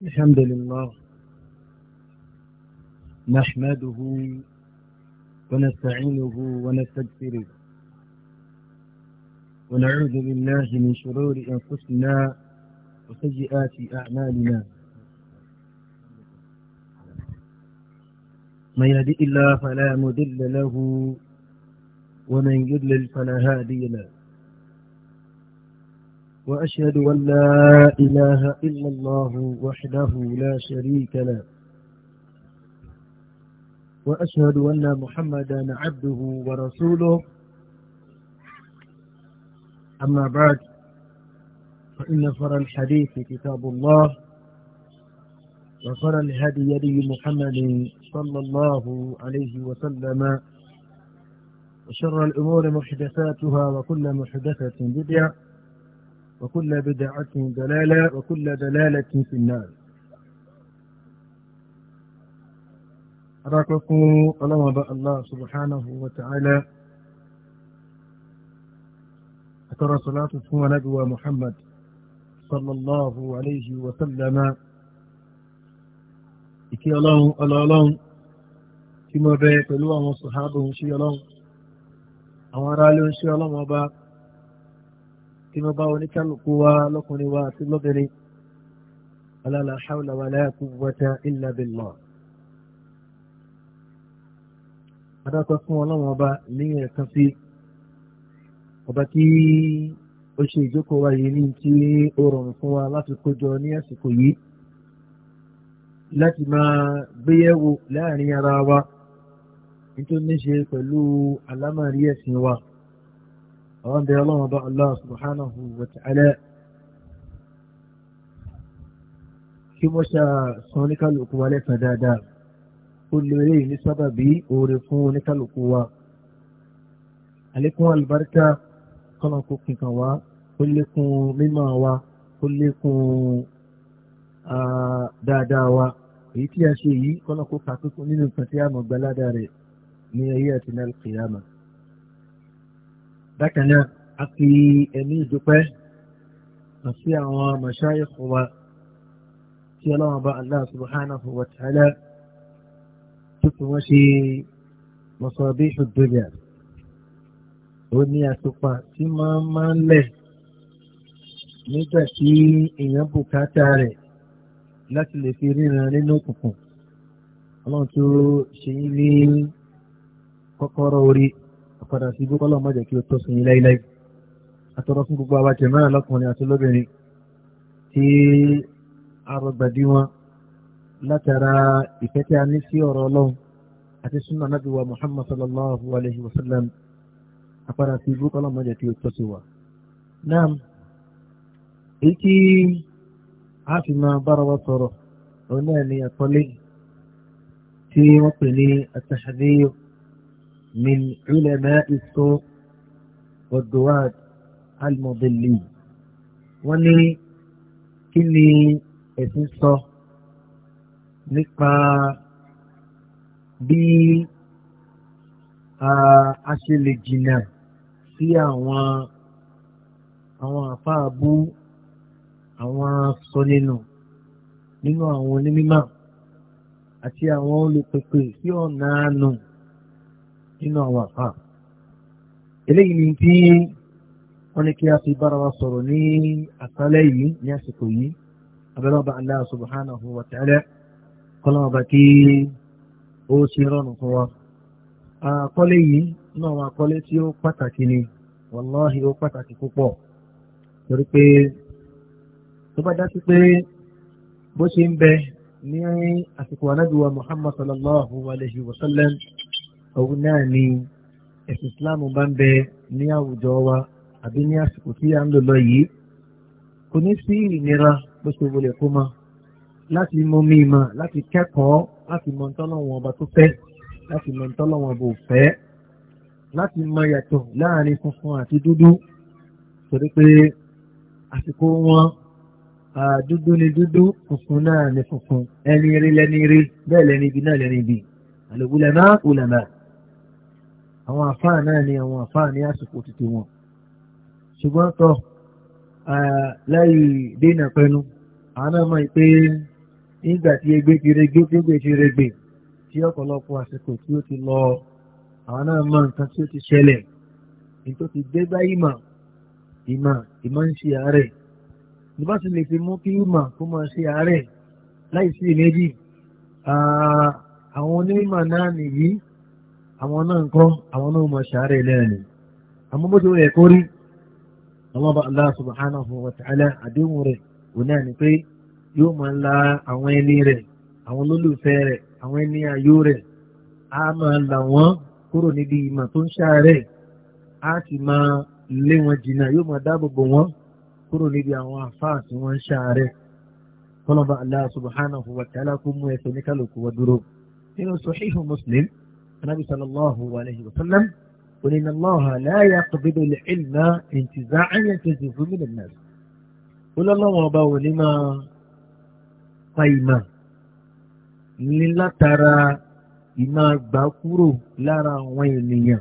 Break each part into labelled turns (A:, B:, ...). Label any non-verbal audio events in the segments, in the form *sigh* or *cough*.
A: الحمد لله نحمده ونستعينه ونستغفره ونعوذ بالله من شرور أنفسنا وسيئات أعمالنا من يهدئ الله فلا مضل له ومن يضلل فلا هادي له وأشهد أن لا إله إلا الله وحده لا شريك له وأشهد أن محمدا عبده ورسوله أما بعد فإن فر الحديث كتاب الله وفر الهدي يدي محمد صلى الله عليه وسلم وشر الأمور محدثاتها وكل محدثة بدعة وكل بدعة دلالة وكل دلالة في النار أراكم الله الله سبحانه وتعالى أترى صلاة هو نجوى محمد صلى الله عليه وسلم إكي ọlọ́run ألا tí كما بيت الله وصحابه sọ̀hábùn sí ọlọ́run àwọn ará ló ń kí wọ́n bá oníkálukú wa lọ́kùnrin wa àti lóbìnrin alala hawla wala quwwata illa billah. adákọ̀ fún ọlọ́run ọba ní ẹ̀kan sí ọba tí ó ṣe ìjókòó wa yìí ní tí ó rọrùn fún wa láti kójọ ní àsìkò yìí láti máa gbéyẹ̀wò láàrin ara wa nítorí ní ṣe pẹ̀lú àlámàrí ẹ̀sìn wa àwọn ọdẹ ọlọ́run ọba Allah subhanahu wa ta'ala kí wọ́n ṣá san oníkálukú wa lẹ́sàn dáadáa ó lè rí ní sábàbí oore fún oníkálukú wa àlékún àlùbáríkà kọ́nà kó kìkan wá ó lékún mímọ́ wa ó lékún dáadáa wa èyí tí a ṣe yìí kọ́nà kó kàkókò nínú nǹkan tí a mọ̀ gbalada bákan náà a fi ẹ̀mí ìdúpẹ́ àti àwọn màṣáyẹ̀kọ̀ wa tí ọlọ́run bá Allah subhanahu wa ta'ala tó fi wọ́n ṣe masabihu dunya ó ní àtùpà tí máa máa ń lẹ̀ nígbà tí èèyàn bùkátà rẹ̀ láti lè fi ríran nínú òkùnkùn ọlọ́run tó ṣe ní kọ́kọ́rọ́ orí padà sí ibú kọ́lọ́ má jẹ́ kí ó tó sí yín láíláí àtọ́rọ́ fún gbogbo abájẹ mẹ́rin lọ́kùnrin àti lóbìnrin tí arọgbàdí wọn látara ìfẹ́ tí a ní sí ọ̀rọ̀ ọlọ́run àti súnà nábì wa muhammad sallallahu alayhi wa sallam àpadà sí ibú kọ́lọ́ má jẹ́ kí ó tó sí wa. náà èyí tí a fi máa bára wa sọ̀rọ̀ òun náà ni àkọlé tí wọ́n pè ní àtàhàdéyò. من علماء السوء والدواة المضلين wọ́n ní kí ni ẹ̀sìn sọ nípa bí a ṣe lè jìnnà sí àwọn àwọn àfáàbú àwọn sọnínú nínú àwọn onímọ̀ àti àwọn olùpèpè sí ọ̀nà àánú nínú àwọn àfà eléyìí ni tí wọ́n ní kí a fi bára wa sọ̀rọ̀ ní àṣálẹ́ yìí ní àsìkò yìí abẹ́lọ́ba Allah subhanahu wa ta'ala kọ́lọ́mọba kí ó ṣe rọrùn fún wa. àkọ́lé yìí nínú àwọn àkọ́lé tí ó pàtàkì ni wàláhì ó pàtàkì púpọ̀ torí pé tó bá dá pé bó ṣe ń bẹ ní àsìkò anábìwá Muhammad sallallahu alayhi wa sallam òun náà ni ẹ̀sìn Islam bá ń bẹ ní àwùjọ wa àbí ní àsìkò tí à ń lò lọ yìí kò ní sí ìnira bó ṣe wọlé kó mọ láti mọ mímọ láti kẹ́kọ̀ọ́ láti mọ ntọ́lọ́wọ̀n ọba tó fẹ́ láti mọ ntọ́lọ́wọ̀n ọba ò fẹ́ láti mọ yàtọ̀ láàrin funfun àti dúdú torí pé àsìkò wọn dúdú ni dúdú funfun náà ni funfun ẹni rí lẹ́ni rí bẹ́ẹ̀ lẹ́ni ibi náà lẹ́ni ibi àlòbulẹ̀ náà kò lẹ̀ àwọn àfáà náà ni àwọn àfáà ní àsìkò títí wọn ṣùgbọ́n tọ́ láì dènà pẹnu àwọn náà mọ̀ pé nígbà tí egbe ti regbe tí egbe ti regbe tí ọ̀pọ̀lọpọ̀ àsìkò tí ó ti lọ àwọn náà mọ̀ nǹkan tí ó ti ṣẹlẹ̀ ní tó ti dé bá ìmọ̀ ìmọ̀ ìmọ̀ ń ṣe àárẹ̀ ní bá ti lè fi mú kí ìmọ̀ kó máa ṣe àárẹ̀ láì sí ìmẹ́jì àwọn onímọ̀ náà nìyí àwọn náà ń kọ́ àwọn náà máa ṣàárẹ̀ lẹ́ẹ̀ni àmọ́ ya ti wọ́n yẹ kó rí àwọn bá wa ta'ala àdéhùn rẹ̀ òun náà ni pé yóò máa la àwọn ẹni rẹ̀ àwọn olólùfẹ́ rẹ̀ àwọn ẹni ayó rẹ̀ a máa là wọ́n kúrò níbi ìmọ̀ tó ń ṣàárẹ̀ á sì máa lé wọn jìnnà yóò máa dáàbò bò wọ́n kúrò níbi àwọn àfáà tí wọ́n ń ṣàárẹ̀ kọ́nà bá wa kó mú ẹsẹ̀ wọ́n dúró nínú Muslim النبي صلى الله عليه وسلم قل الله لا يقبض العلم انتزاعا ينتزعه من الناس قل الله وباو لما قيمة للا ترى إما باكورو لارا وينيا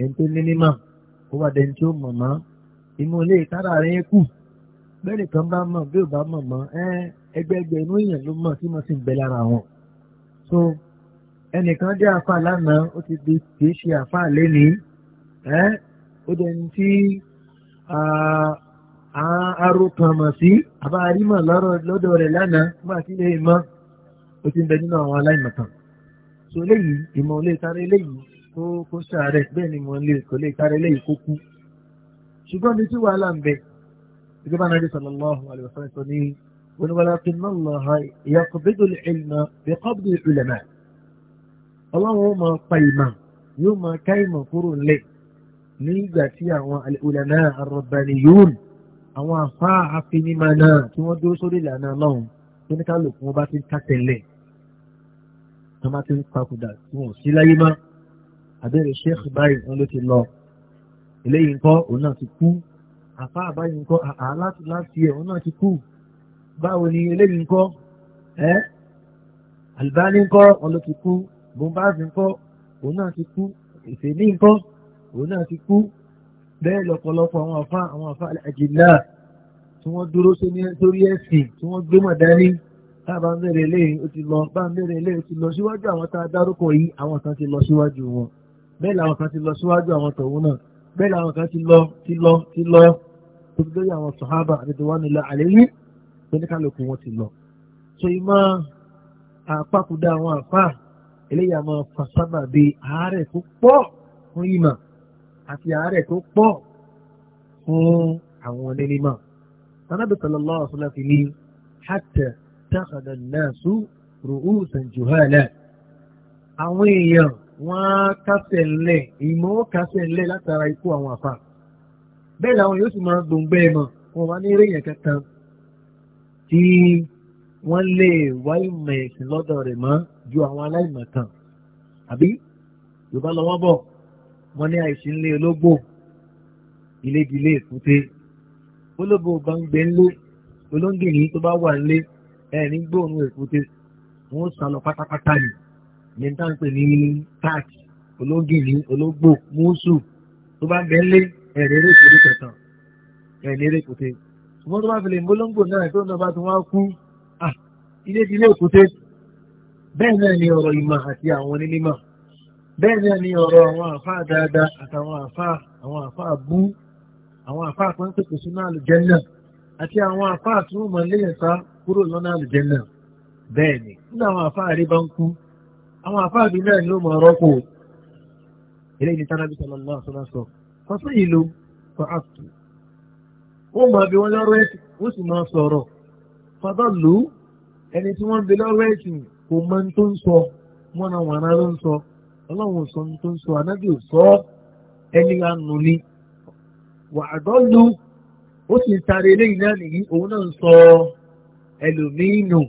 A: أنت نيما هو دنتو ماما إمو لي ترى ريكو bẹ́ẹ̀ nìkan bá mọ̀ bí ò bá mọ̀ mọ́ ẹgbẹ́gbẹ́ inú èèyàn ló mọ̀ tí so ẹnìkan jẹ́ àfà lánàá ó ti di kìí ṣe àfà lẹ́ni ẹ́ ó jẹ́ ní tí arókanmọ̀ sí àbárímọ̀ lọ́dọ̀ rẹ̀ lánàá nígbà tí ilé ìmọ̀ ó ti ń bẹ nínú àwọn aláìmọ̀kan so léyìí ìmọ̀ olè sáré léyìí tó kó sàárẹ̀ bẹ́ẹ̀ ni ìmọ̀ olè sáré léyìí kó kú ṣùgbọ́n ní tí wàhálà ń bẹ gẹ́gẹ́ bá nàbí sallallahu alayhi wa sallam sọ ní oníwàlá tó náà lọ́ha ìyàkọ̀ bẹ́ẹ̀ ọlọ́run ó máa pa ìmọ̀ yóò máa ká ìmọ̀ kúrò ńlẹ̀ nígbà tí àwọn ulama ar-rabbaniyun àwọn afá afinima náà tí wọ́n dúró sórí ìlànà ọlọ́run tó ní kálukú wọn bá ti ń ká tẹ̀lẹ̀ tó bá ti ń papòdà tí wọn ò sí láyé má àbẹ̀rẹ̀ sheikh báyìí wọn ló ti lọ eléyìí ńkọ́ òun náà ti kú àfá àbáyìí ńkọ́ àá láti ẹ̀ òun náà ti kú báwo ni eléyìí ńkọ́ ẹ́ àlùbáni ńkọ́ wọn ló ti kú bùnbáàsì ńkọ́ òun náà ti kú ìfèmí ńkọ́ òun náà ti kú bẹ́ẹ̀ lọ́pọ̀lọpọ̀ àwọn àfa àwọn àfa àjìlá tí wọ́n dúró sórí ẹ̀sìn tí wọ́n gbé mọ̀ dání tá a bá ń bẹ̀rẹ̀ eléyìí ó ti lọ bá ń bẹ̀rẹ̀ eléyìí ó ti lọ síwájú àwọn tá a dárúkọ yìí àwọn kan ti lọ síwájú wọn bẹ́ẹ̀ làwọn kan ti lọ síwájú àwọn tọ̀hún náà bẹ́ẹ̀ làwọn kan ti lọ ti lọ ti lọ tó lórí àwọn sàhábà àti wọn nílò àléyé wọn ti lọ. so ìmọ̀ àpapòdà àwọn àfáà eléyà máa fa sábàbí àárẹ̀ tó pọ̀ fún ìmọ̀ àti àárẹ̀ tó pọ̀ fún àwọn onímọ̀. Anábì sallallahu alaihi wasallam ní hatta takhadha an-nasu ru'usan juhala. Àwọn èèyàn wọ́n á kásẹ̀ ńlẹ̀ ìmọ̀ ó kásẹ̀ ńlẹ̀ látara ikú àwọn àfa. Bẹ́ẹ̀ làwọn yóò sì máa gbòǹgbẹ́ mọ̀ wọn wá ní réyìn kankan tí wọ́n lè wáyé mẹ̀sìn lọ́dọ̀ rẹ̀ mọ́ ju àwọn aláìmọ̀kan àbí yorùbá lọ wọ́n bọ̀ wọ́n ní àìsí ńlé ológbò ilédilé èkúté ológbò bá ń gbé ńlé olóńgè yìí tó bá wà ńlé ẹ̀rín gbóòórùn èkúté wọ́n sá lọ pátápátá yìí ní táǹpé ní táàkì olóńgè yìí ológbò mùsù tó bá gbé ńlé ẹ̀rín eré ìkúté kẹtàn ẹ̀rín eré ìkúté ṣùgbọ́n tó bá fi lè mú olóńgbò náà tó ń lọ bá ti wá kú ilédilé èkúté. bẹ́ẹ̀ ni ọ̀rọ̀ ìmọ̀ àti àwọn onímọ̀ bẹ́ẹ̀ ni ọ̀rọ̀ àwọn àtàwọn àfáà àwọn àfáà bú àwọn àfáà kan sínú àlùjẹ́nà àti àwọn àfáà tí léyìn sá kúrò lọ́nà àlùjẹ́nà bẹ́ẹ̀ ni nínú àwọn àfáà rí bá ń kú àwọn náà ni ó mọ̀ ọ̀rọ̀ eléyìí ni tánábì sọlọ́mọ́ àṣọlá sọ kọsí ìlú kọ àtù ó bi kò mọ ní tó ń sọ mọ́nà wàrà ló ń sọ ọlọ́run sọ ní tó ń sọ anábì sọ ẹni àánú ni wà á dọ́lu ó sì ń sáré eléyìí náà nìyí òun náà ń sọ ẹlòmíín nù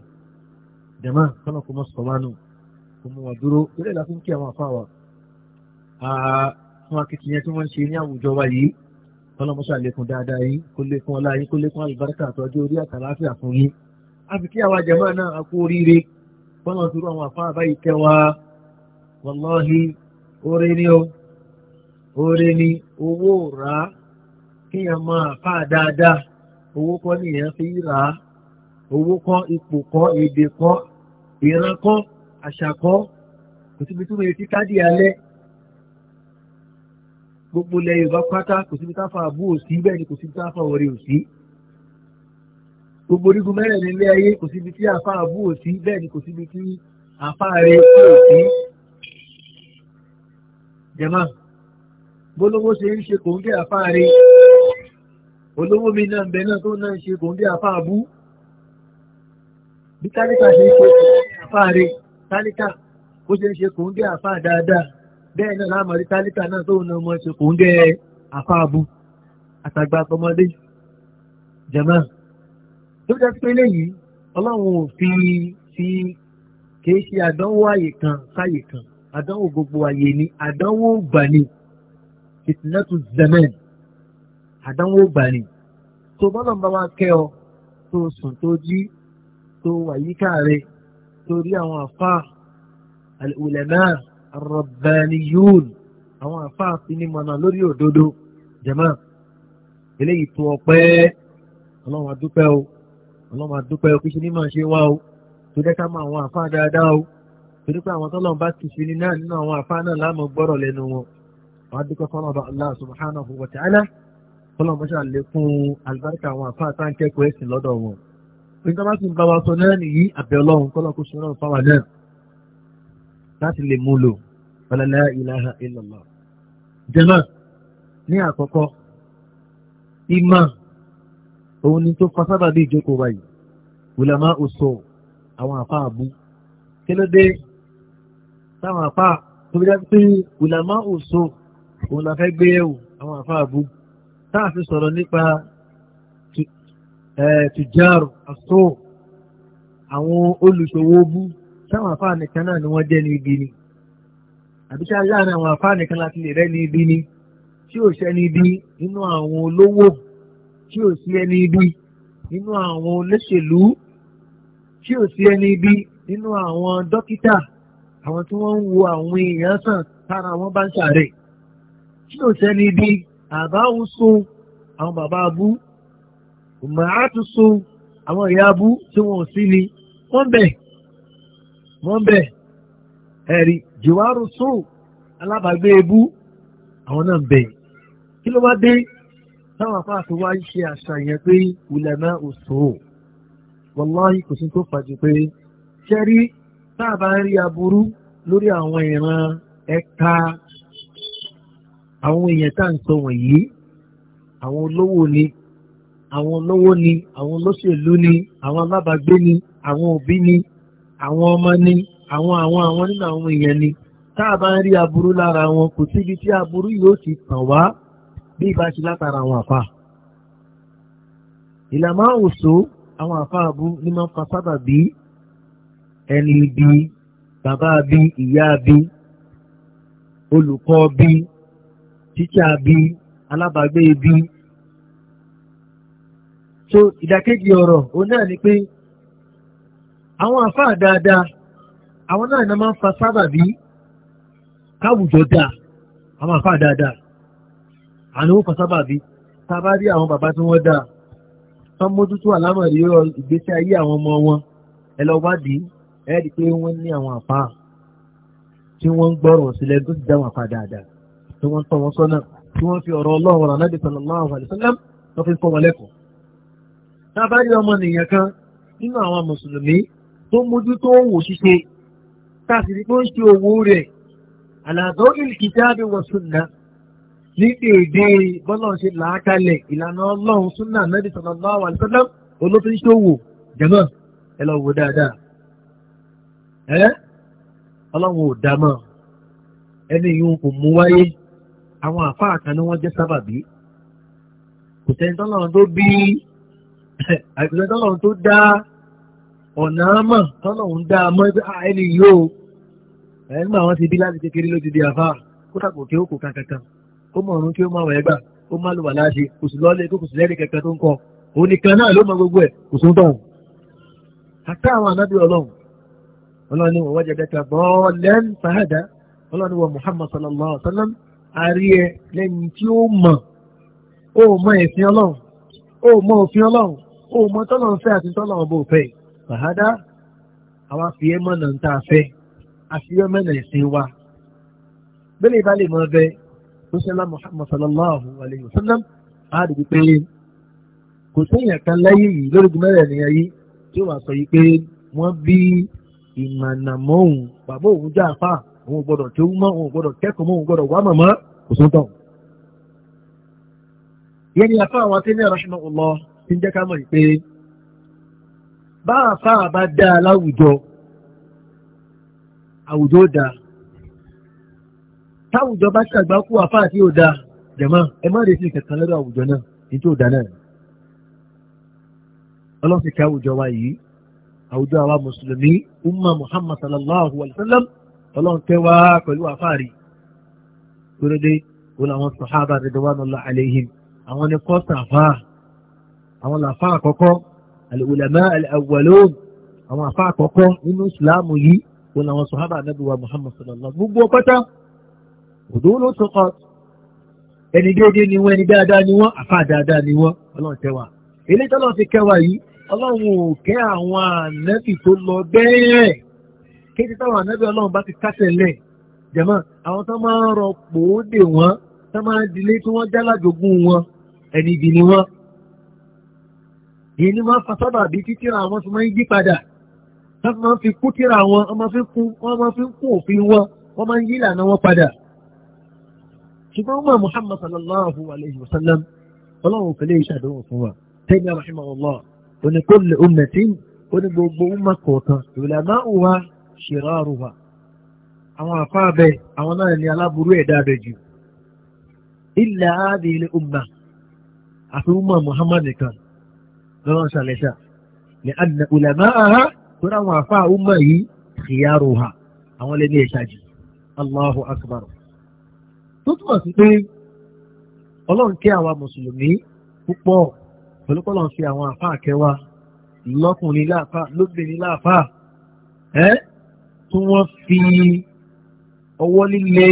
A: jẹ̀mọ́ kọ́nà kò mọ sọ wá nù kò mọ wà dúró eré ìlà fún kí àwọn afá wa fún akitiyan tí wọ́n ń ṣe ní àwùjọ wa yìí kọ́lọ́mọ́sá lékún dáadáa yìí kó lékún ọlá yìí kó lékún àlùbáríkà àtọ́jú orí àtàláfíà kọ́nà dúró àwọn àfáà báyìí kẹwa wàláhì oore ni o oore ni owó rà á kíyàn máa àfáà dáadáa owó kọ́ nìyẹn fi rà á owó kọ́ ipò kọ́ èdè kọ́ ìran kọ́ àṣà kọ́ kò síbi tí mo lè ti alẹ́ gbogbo ilẹ̀ Yorùbá pátá kò síbi táfà àbú òsì bẹ́ẹ̀ ni kò síbi táfà òrè òsì gbogbo orígun mẹ́rin nílé ayé kò síbi tí àfa àbú ò sí bẹ́ẹ̀ ni kò síbi tí àfa rẹ kò sí. jẹ̀mọ́ bólówó ṣe ń ṣe kòńgé àfa rẹ olówó mi náà ń bẹ náà tó náà ń ṣe kòńgé àfa àbú bí tálíkà ṣe ń ṣe àfa rẹ tálíkà ó ṣe ń ṣe kòńgé àfa dáadáa bẹ́ẹ̀ náà láàmú rí tálíkà náà tó náà mọ̀ ṣe kòńgé àfa àbú àtàgbà àtọmọdé jẹ̀mọ́ tó jẹ́ pé léyìí ọlọ́run ò fi fi kìí ṣe àdánwò àyè kan sáyè kan àdánwò gbogbo àyè ni àdánwò gbani ìtìlẹ́tù zẹ́mẹ́n àdánwò gbani tó bọ́lọ̀ bá wa kẹ́ ọ tó sùn tó jí tó wà yíká rẹ tó rí àwọn àfa al-ulama ar-rabbaniyun àwọn àfa àfinimọ̀nà lórí òdodo jẹ̀mọ́ eléyìí tó ọpẹ́ ọlọ́run adúpẹ́ o ọlọ́mọ àdúpẹ́ òkú ṣe ní máa ṣe wá o tó dẹ́ka mọ àwọn àfáà dáadáa o torí pé àwọn tọ́lọ́mù bá ti ṣe ní náà nínú àwọn àfáà náà láàmú gbọ́rọ̀ lẹ́nu wọn wọ́n á dúpẹ́ fọlọ́mọba Allah subhanahu wa ta'ala fọlọ́mọ ṣe àlékún àlùbáríkà àwọn àfáà tá à ń kẹ́kọ̀ọ́ ẹ̀sìn lọ́dọ̀ wọn nígbà bá ti ń bá wa sọ náà nìyí àbẹ̀ ọlọ́run òun ni tó fa sábàbí ìjókòó báyìí wùlámà òsò àwọn àfa àbú kí ló dé táwọn àfa tó bí dájú pé wùlámà òsò òun la fẹ́ gbé yẹ̀wò àwọn àfa àbú táà fi sọ̀rọ̀ nípa tùjárù àsò àwọn olùṣòwò bú táwọn àfa nìkan náà ni wọ́n jẹ́ ní ibi ni àbí sáà láàrin àwọn àfa nìkan láti lè rẹ́ ní ibi ni tí ò ṣẹ́ ní ibi nínú àwọn olówó tí ò sí ẹni ibi nínú àwọn olóṣèlú tí ò sí ẹni ibi nínú àwọn dókítà àwọn tí wọ́n ń wo àwọn èèyàn sàn tára wọn bá ń ṣàárẹ̀ tí ò sẹ́ni ibi àbáwò sun àwọn bàbá abú màátù sun àwọn ìyá abú tí wọn ò sí ni wọ́n bẹ̀ wọ́n bẹ̀ ẹ̀rí jùwárù sun alábàágbé ebú àwọn náà bẹ̀ kí ló wá dé táwọn afá àti wáyé ṣe àṣàyàn pé ulama usul wàláhì kò sí tó fàájú pé ṣẹ́rí tá a bá ń rí aburú lórí àwọn ìran ẹ̀ka àwọn èèyàn tá à ń sọ wọ̀nyí àwọn olówó ni àwọn olówó ni àwọn olóṣèlú ni àwọn alábàágbé ni àwọn òbí ni àwọn ọmọ ni àwọn àwọn àwọn nínú àwọn èèyàn ni tá ń rí aburú lára wọn kò síbi tí aburú yóò ti tàn wá bí ibà ṣe látara àwọn àfa ìlànà àwòsó àwọn àfa àbú ni máa ń fa sábà bí ẹni bí bàbá bí ìyá bí olùkọ́ bí tíṣà bí alábàágbé bí so ìdàkejì ọ̀rọ̀ òun náà ni pé àwọn àfáà dáadáa àwọn náà ni wọ́n máa ń fa sábàbí káwùjọ dáa àwọn àfáà dáadáa àníwò kan sábàbí tá a bá rí àwọn bàbá tí wọ́n dáa tó ń mójútó àlámọ̀rí ìgbésí ayé àwọn ọmọ wọn ẹ lọ wádìí ẹ rí i pé wọ́n ní àwọn àpá tí wọ́n ń gbọ́rọ̀ sílẹ̀ tó ti dá wọn àpá dáadáa tí wọ́n ń tọ́ wọn sọ́nà tí wọ́n fi ọ̀rọ̀ ọlọ́run ọ̀rọ̀ anábì sallallahu alaihi wasallam wọ́n fi kọ́ wọn lẹ́kọ̀ọ́. tá a bá rí ọmọ nìyẹn kan nínú àwọn mùsùlùmí tó mójútó òwò ṣíṣe tá a sì rí pé ó ń ṣe ní èdè bọ́lọ̀ ṣe làákalẹ̀ ìlànà ọlọ́run súnà nàbì sallallahu alaihi wasallam olófin ṣòwò jẹ̀mọ́ ẹ lọ wò dáadáa ẹ ọlọ́run ò dá mọ́ ẹni yìí kò mú wáyé àwọn àfáà kan ni wọ́n jẹ́ sábàbí kò sẹ́ni tọ́lọ́run tó bí àìsàn tọ́lọ́run tó dá ọ̀nà àmọ̀ tọ́lọ́run dá mọ́ ah, ẹni yìí o ẹ̀ ń gbà ti bí láti kékeré ló ti di àfáà kó tàkùn kí ó kò kankan kan ó mọ̀ ọ̀run kí ó máa wẹ̀ gbà ó má lò wà láṣẹ kò sì lọ́lé kó kò sì lẹ́rìí kẹ̀kẹ́ tó ń kọ òun nìkan náà ló mọ gbogbo ẹ̀ kò sún tọ̀hún. àtà àwọn anábì ọlọ́run ọlọ́run ni wọ́n wájà dẹ́ka bọ́ọ̀lẹ́n fàhádà ọlọ́run ni wọ́n Muhammad sallallahu alayhi wa sallam àrí ẹ lẹ́yìn tí ó mọ̀ ó mọ ẹ̀sìn ọlọ́run ó mọ òfin ọlọ́run ó mọ tọ́lọ́run fẹ́ àti tọ́lọ́run bò fẹ́ fàhádà àwa fi ẹ́ mọ̀nà ń tà fẹ́ àfihàn mẹ́nà ẹ̀sìn wa bẹ́ẹ̀ ni ìbálẹ̀ mọ́ bẹ́ẹ̀ lọ́sẹ̀lá Muhammad sallallahu alayhi wa sallam á rí i pé kò séèyàn kan láyé yìí lórí gbẹ́rẹ̀ ní ayé tí ó wà sọ yìí pé wọ́n bí ìmọ̀nàmọ́ òun bàbá òun já àfà òun gbọ́dọ̀ tó mọ́ òun gbọ́dọ̀ kẹ́kọ̀ọ́ mọ́ òun gbọ́dọ̀ wá mọ̀mọ́ kò sóńtọ̀. ìyẹn ni àfà àwọn tí ní ọ̀rọ̀ṣinà ọ̀lọ ti ń jẹ́ ká mọ̀ yìí pé bá àfà bá dá láwùjọ àwùjọ dáa táwùjọ bá ṣàgbá kú àfáà tí ò da jẹ̀mọ́ ẹ má retí kankan lọ́dọ̀ àwùjọ náà ní tí ò da náà ọlọ́sìn kí àwùjọ wa yìí àwùjọ àwa mùsùlùmí umma muhammad sallallahu alayhi wa sallam ọlọ́run tẹ́ wá pẹ̀lú àfáàrí kúrédé wọn àwọn sàhábà ridwanullahi alayhim àwọn ni kọ́ sàfà àwọn làfà àkọ́kọ́ al-ulama àwọn àfà àkọ́kọ́ nínú ìsìláàmù yìí wọn àwọn sàhábà nàbí wa muhammad sallallahu gbogbo pátá òdó ló tó kọ́ ẹni déédéé ni wọ́n ẹni dáadáa ni wọ́n àfa dáadáa ni wọ́n ọlọ́run tẹ́wà eléyìí tọ́lọ́ fi kẹwà yìí ọlọ́run ò kẹ́ àwọn ànábì tó lọ bẹ́ẹ̀ kéde táwọn ànábì ọlọ́run bá ti kásẹ̀ lẹ̀ jẹ̀mọ́ àwọn tó máa ń rọpò ó dè wọ́n tó máa ń dilé tí wọ́n jálàjogún wọn ẹni ibì ni wọ́n èyí máa ń fa títíra àwọn tó máa ń yí padà tó máa ń fi kú tíra wọn wọ́n máa fi kú òfin wọn wọ́n máa ń yí ìlànà wọn padà ṣùgbọ́n mọ́ muhammad sallallahu alayhi wa sallam ọlọ́run kò lè ṣàdéhùn fún wa tẹ́lẹ̀ rahimahullah oní kò lè ummeti oní gbogbo umma kọ̀ọ̀kan ìlànà òwa ṣìráàrù wa àwọn àfáà bẹ́ẹ̀ àwọn náà ní aláburú ẹ̀dá rẹ̀ jù illa hadhihi al umma àfi umma muhammad nìkan lọ́wọ́n ṣàlẹ́ṣà ní àdìnà ìlànà àhá tó ráwọn àfáà umma yìí ṣìyàrù ha àwọn lè ní ẹ̀ṣájú tó túmọ̀ sí pé ọlọ́run kẹ́ àwa mùsùlùmí púpọ̀ pẹ̀lú kọ́ lọ́n fi àwọn àfáà kẹwàá lọ́kùnrin láàfáà lóbìnrin láàfáà ẹ́ tí wọ́n fi ọwọ́ líle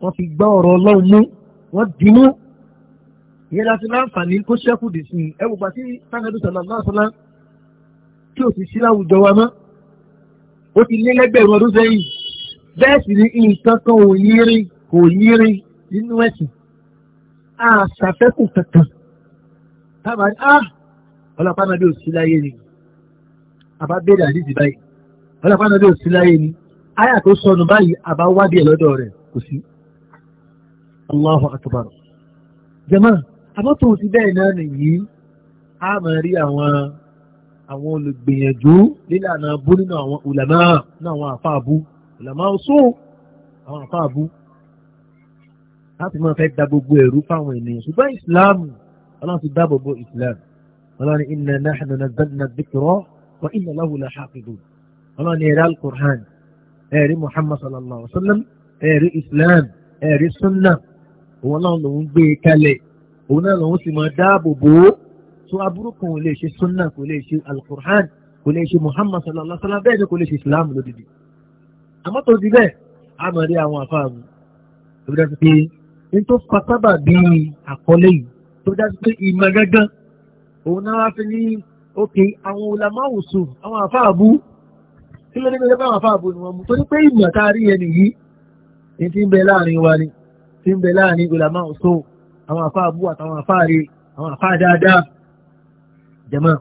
A: wọ́n fi gbá ọ̀rọ̀ ọlọ́run mú wọ́n dì mú ìyẹn láti láǹfààní kó ṣẹ́kù dì sí ẹ wò pàtí sanabi sallallahu alaihi wasallam tí ò sì sí láwùjọ wa mọ́ ó ti lé lẹ́gbẹ̀rún ọdún sẹ́yìn bẹ́ẹ̀ sì ni nǹkan kan ò ní rí kò ní rí nínú ẹ̀sìn a ṣàfẹ́kù kankan tábà ní ah ọlọ́pàá náà bí ò sí láyé ni àbá bẹ̀rẹ̀ àdídì báyìí ọlọ́pàá náà bí ò sí láyé ni àyà tó sọnù báyìí àbá wádìí ẹ̀ lọ́dọ̀ rẹ̀ kò sí. Allahu akbar jẹ́mọ́ àbọ̀tò ti bẹ́ẹ̀ náà nìyí a máa rí àwọn àwọn olùgbìyànjú nílànà abú nínú àwọn ulama náà àwọn àfa abú ọ̀làmọ́ oṣù àwọn àfa àbú láti máa fẹ́ da gbogbo ẹ̀rú fáwọn ènìyàn ṣùgbọ́n ìsìláàmù ọlọ́run ti dáàbò bo ìsìláàmù ọlọ́run inna nahnu nazzalna dhikra wa inna lahu lahafidun ọlọ́run ni ẹ̀rí alukur'an ẹ̀rí muhammad sallallahu alayhi wa sallam ẹ̀rí islam ẹ̀rí sunna òun náà lòun gbé e kalẹ̀ òun náà lòun sì máa dáàbò bò ó tó aburú kan kò lè ṣe sunna kò lè ṣe alukur'an kò lè ṣe muhammad sallallahu alayhi wa sallam bẹ́ẹ̀ ni kò lè ṣe islam lódìdí àmọ́ tó di bẹ́ẹ̀ a mọ̀ rí àwọn àfáàmù tó bí dájú pé ní tó fa sábà bí àkọlé yìí tó bí dájú pé ìmọ̀ gángan òun náà wá fi ní òkè àwọn olàmáwòsù àwọn àfáàbù kí ló ní bí àwọn àfáàbù ni wọ́n mú torí pé ìmọ̀ tá a rí yẹn nìyí ní ti ń bẹ láàrin wa ni ti ń bẹ láàrin olàmáwòsù àwọn àfáàbù àtàwọn àfáàrí àwọn àfáà jẹ̀mọ́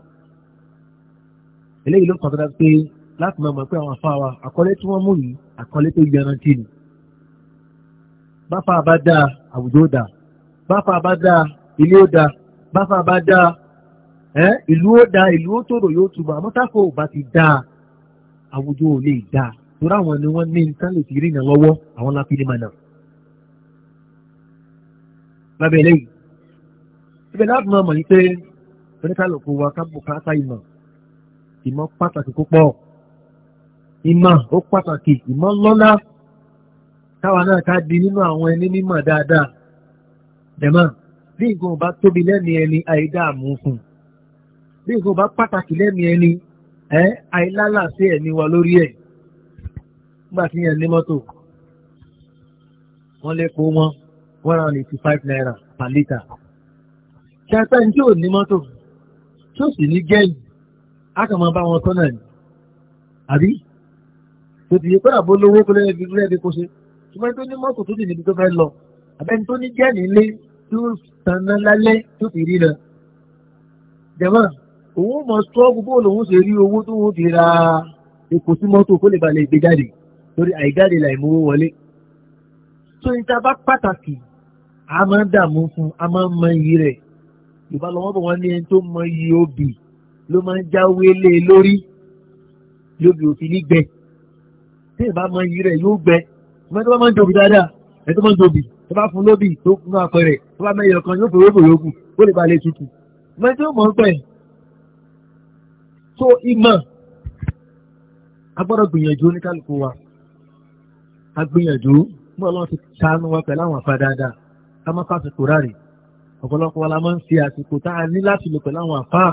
A: eléyìí ló kàn tó dájú pé láti máa mọ̀ pé àwọn afá wa àkọlé tí wọ́n mú yìí àkọlé tó yanrantí ni báfa bá dáa àwùjọ ó dáa báfa bá dáa ilé ó dáa báfa bá dáa ìlú ó dáa ìlú ó tòrò yóò túbọ̀ àmọ́ táfò bá ti dáa àwùjọ ò lè dáa torí àwọn ni wọ́n ní nǹkan lè fi rí ìyàn lọ́wọ́ àwọn láfi ní mànà. lábẹ́ eléyìí ibẹ̀ láti máa mọ̀ yí pé oníkàlùkù wa ká bùkátà ìmọ̀ ìmọ̀ pàtàkì púpọ̀ ìmọ̀ ó pàtàkì ìmọ̀ lọ́lá táwa náà ká di nínú àwọn ẹni mímọ̀ dáadáa dẹ̀mọ́ bí nǹkan bá tóbi lẹ́nu ẹni àìdáàmú fún bí nǹkan bá pàtàkì lẹ́nu ẹni ẹ àìlálà ẹni wa lórí ẹ̀ nígbà tí yẹn ní mọ́tò wọ́n lè po wọn one hundred eighty five naira per litre ṣe apẹ́ni tí ò ní mọ́tò tó sì ní gẹ́ẹ̀lì á kàn máa bá wọn tọ́nà ni àbí tó ti yẹ pé àbó lówó kó lẹ́yìn ìlú ẹ̀dínkù ṣe ṣùgbọ́n ẹni tó ní mọ́tò tó ti níbi tó fẹ́ lọ àbẹ́ni tó ní jẹ́ẹ̀nì ilé tó tanná lálẹ́ tó ti rí lọ. jẹ̀mọ́ òun mọ̀ sọ́ọ̀bù bóòlù òun ṣe rí owó tó fi ra epo sí mọ́tò kó lè balẹ̀ gbé jáde torí àìjáde là ìmúwó wọlé. tó ní ta bá pàtàkì a máa ń dààmú fún a máa ń mọ iyì rẹ̀ ìbálòwọ́n bọ̀ ní tí ìbá mọ iyì rẹ̀ yóò gbẹ ṣùgbọ́n tó bá máa ń dòbí dáadáa ẹ̀ tó máa ń dòbí tó bá fún lóbì tó fún apẹ̀rẹ̀ tó bá mẹ́yọ̀ kan yóò fòwé bò yókù ó lè balẹ̀ tutù ṣùgbọ́n tí ó mọ̀ ń pẹ̀ tó ìmọ̀ a gbọ́dọ̀ gbìyànjú oníkálukú wa a gbìyànjú mú ọlọ́run ti ṣàánú wa pẹ̀lú àwọn àfa dáadáa ká má fàṣìkò ráre ọ̀pọ̀lọpọ̀ wa la máa ń fi àsìkò tá a ní láti lò pẹ̀lú àwọn àfa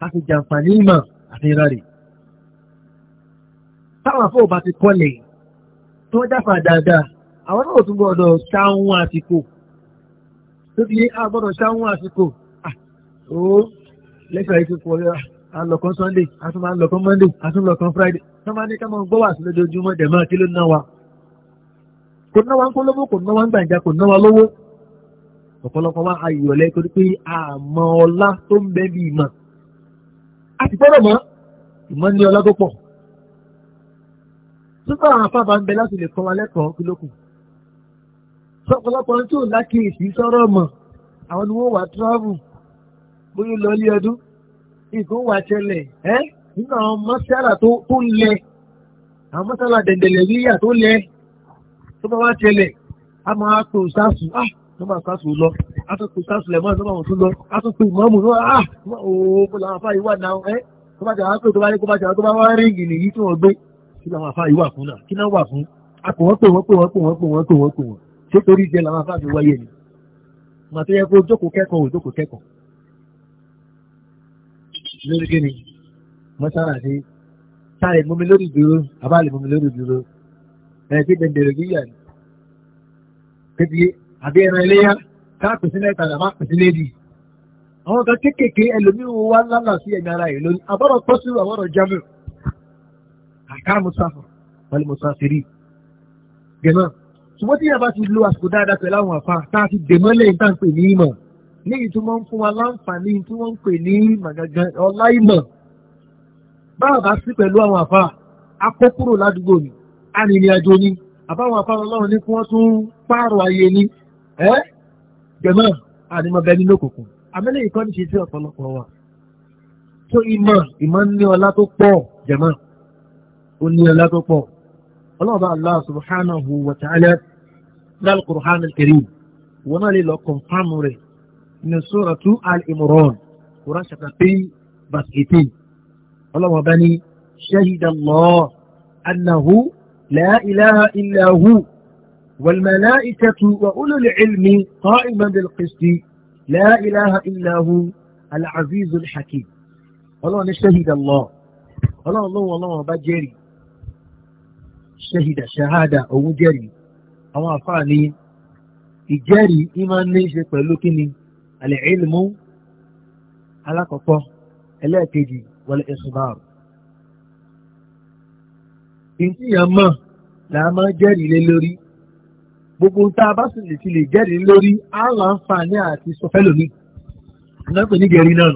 A: láti jàǹfààní ìmọ̀ àti ráre táwọn afọ́ ọba ti kọ́lẹ̀ tí wọ́n jáfà dáadáa àwọn náà tún gbọ́dọ̀ ṣáwọn àsìkò tó ti yé a gbọ́dọ̀ ṣáwọn àsìkò ó lẹ́sọ̀ yìí ti pọ̀ yọ alọ̀kan sunday àtúmọ̀ alọ̀kan monday àtúmọ̀ alọ̀kan friday tó máa ní ká máa gbọ́ wà sí lójoojúmọ́ dẹ̀ máa kí ló ná wa kò ná wa ń kó lówó kò ná wa ń gbàǹjà kò ná wa lówó ọ̀pọ̀lọpọ̀ wa ayọ̀lẹ́ torí pé àmọ́ ọlá tó ń bẹ bí ìmọ̀ a ti gbọ́dọ̀ mọ̀ ìmọ̀ ní ọlá tó pọ̀ Súpà àwọn afábà ń bẹ láti lè kọ́ wa lẹ́kọ̀ọ́ kílókù. Sọ̀pọ̀lọpọ̀ tí ò lákèésí sọ̀rọ̀ mọ̀, àwọn ni wọ́n wà tíráàbù bóyá lọ ilé ọdún. Ìkó wà tẹ́lẹ̀ ẹ́ nínú àwọn mọ́sálà tó ń lẹ, àwọn mọ́sálà dẹ̀ndẹ̀lẹ̀ wíyà tó lẹ, tó bá wá tẹ́lẹ̀, a máa pè ó sáàsù, ah, ló máa sáàsù lọ, a tún pè sáàsù lẹ̀ mọ́ ìsọ́mọ̀ tó a tún pè mọ́mù náà, ah, òun kò làwọn afá yìí wà náà, ẹ́ tó bá jà wá pé tó bá rí kó bá jà wá tó bá wá rí ìgìnì yìí tí wọ́n gbé kí àwọn kan kéékèèké ẹlòmíràn wá lálàá sí ẹ̀mí ìlú àbọ̀rọ̀ pọ́sùrù àbọ̀rọ̀ jámù àká musafa wàlẹ̀ musafiri gẹ̀mọ́ ṣùgbọ́n tí yàrá ti lo àsìkò dáadáa pẹ̀lú àwọn àfa tá a ti dèmọ́ lẹ́yìn tá à ń pè ní ìmọ̀ léyìí tí wọ́n ń fún wa láǹfààní tí wọ́n ń pè ní ìmọ̀ gangan ọlá ìmọ̀ báwa bá sí pẹ̀lú àwọn àfa akọ́kúrò ládùúgbò ni arìnrìnàjò ni àbáwọn àfa ọlọ́run ní kí wọ́n tún pààrọ̀ ayé ni ẹ́ gẹ̀mọ́ àdìmọ̀bẹ nínú òkùnkùn àmẹ́lẹ́yìn kan ní ṣe sí ọ̀pọ̀lọpọ̀ wa tó ìmọ̀ ìmọ̀ ó ní ọlá tó pọ̀ ọlọ́ọ̀bá Allah subhanahu wa ta'ala lálùkùrán al-karim wọn náà lè lọ kọ̀ǹfàmù rẹ̀ ní suratu al-imran quran chapter three verse eighteen ọlọ́ọ̀bá ní shahida Allah annahu la ilaha illa hu والملائكة وأولو العلم قائما بالقسط لا إله إلا هو العزيز الحكيم ọlọ́run ní ṣẹ́hìd Allah ọlọ́run lóhun ọlọ́run jẹ́rìí ṣẹ́hìdà ṣahádà òun jẹ́rìí àwọn àfáà ní ìjẹ́rìí ìmọ̀ ní í ṣe pẹ̀lú kíni àlẹ́ ìlmú alákọ̀ọ́kọ́ ẹlẹ́ẹ̀kejì wọlé ìṣùbáàrù. ìtì yẹn mọ̀ là á máa jẹ́rìí lé lórí gbogbo tá a bá sì lè fi lè jẹ́rìí lórí á láǹfààní àti sọfẹ́lòmí ìnáwó nígbèrè náà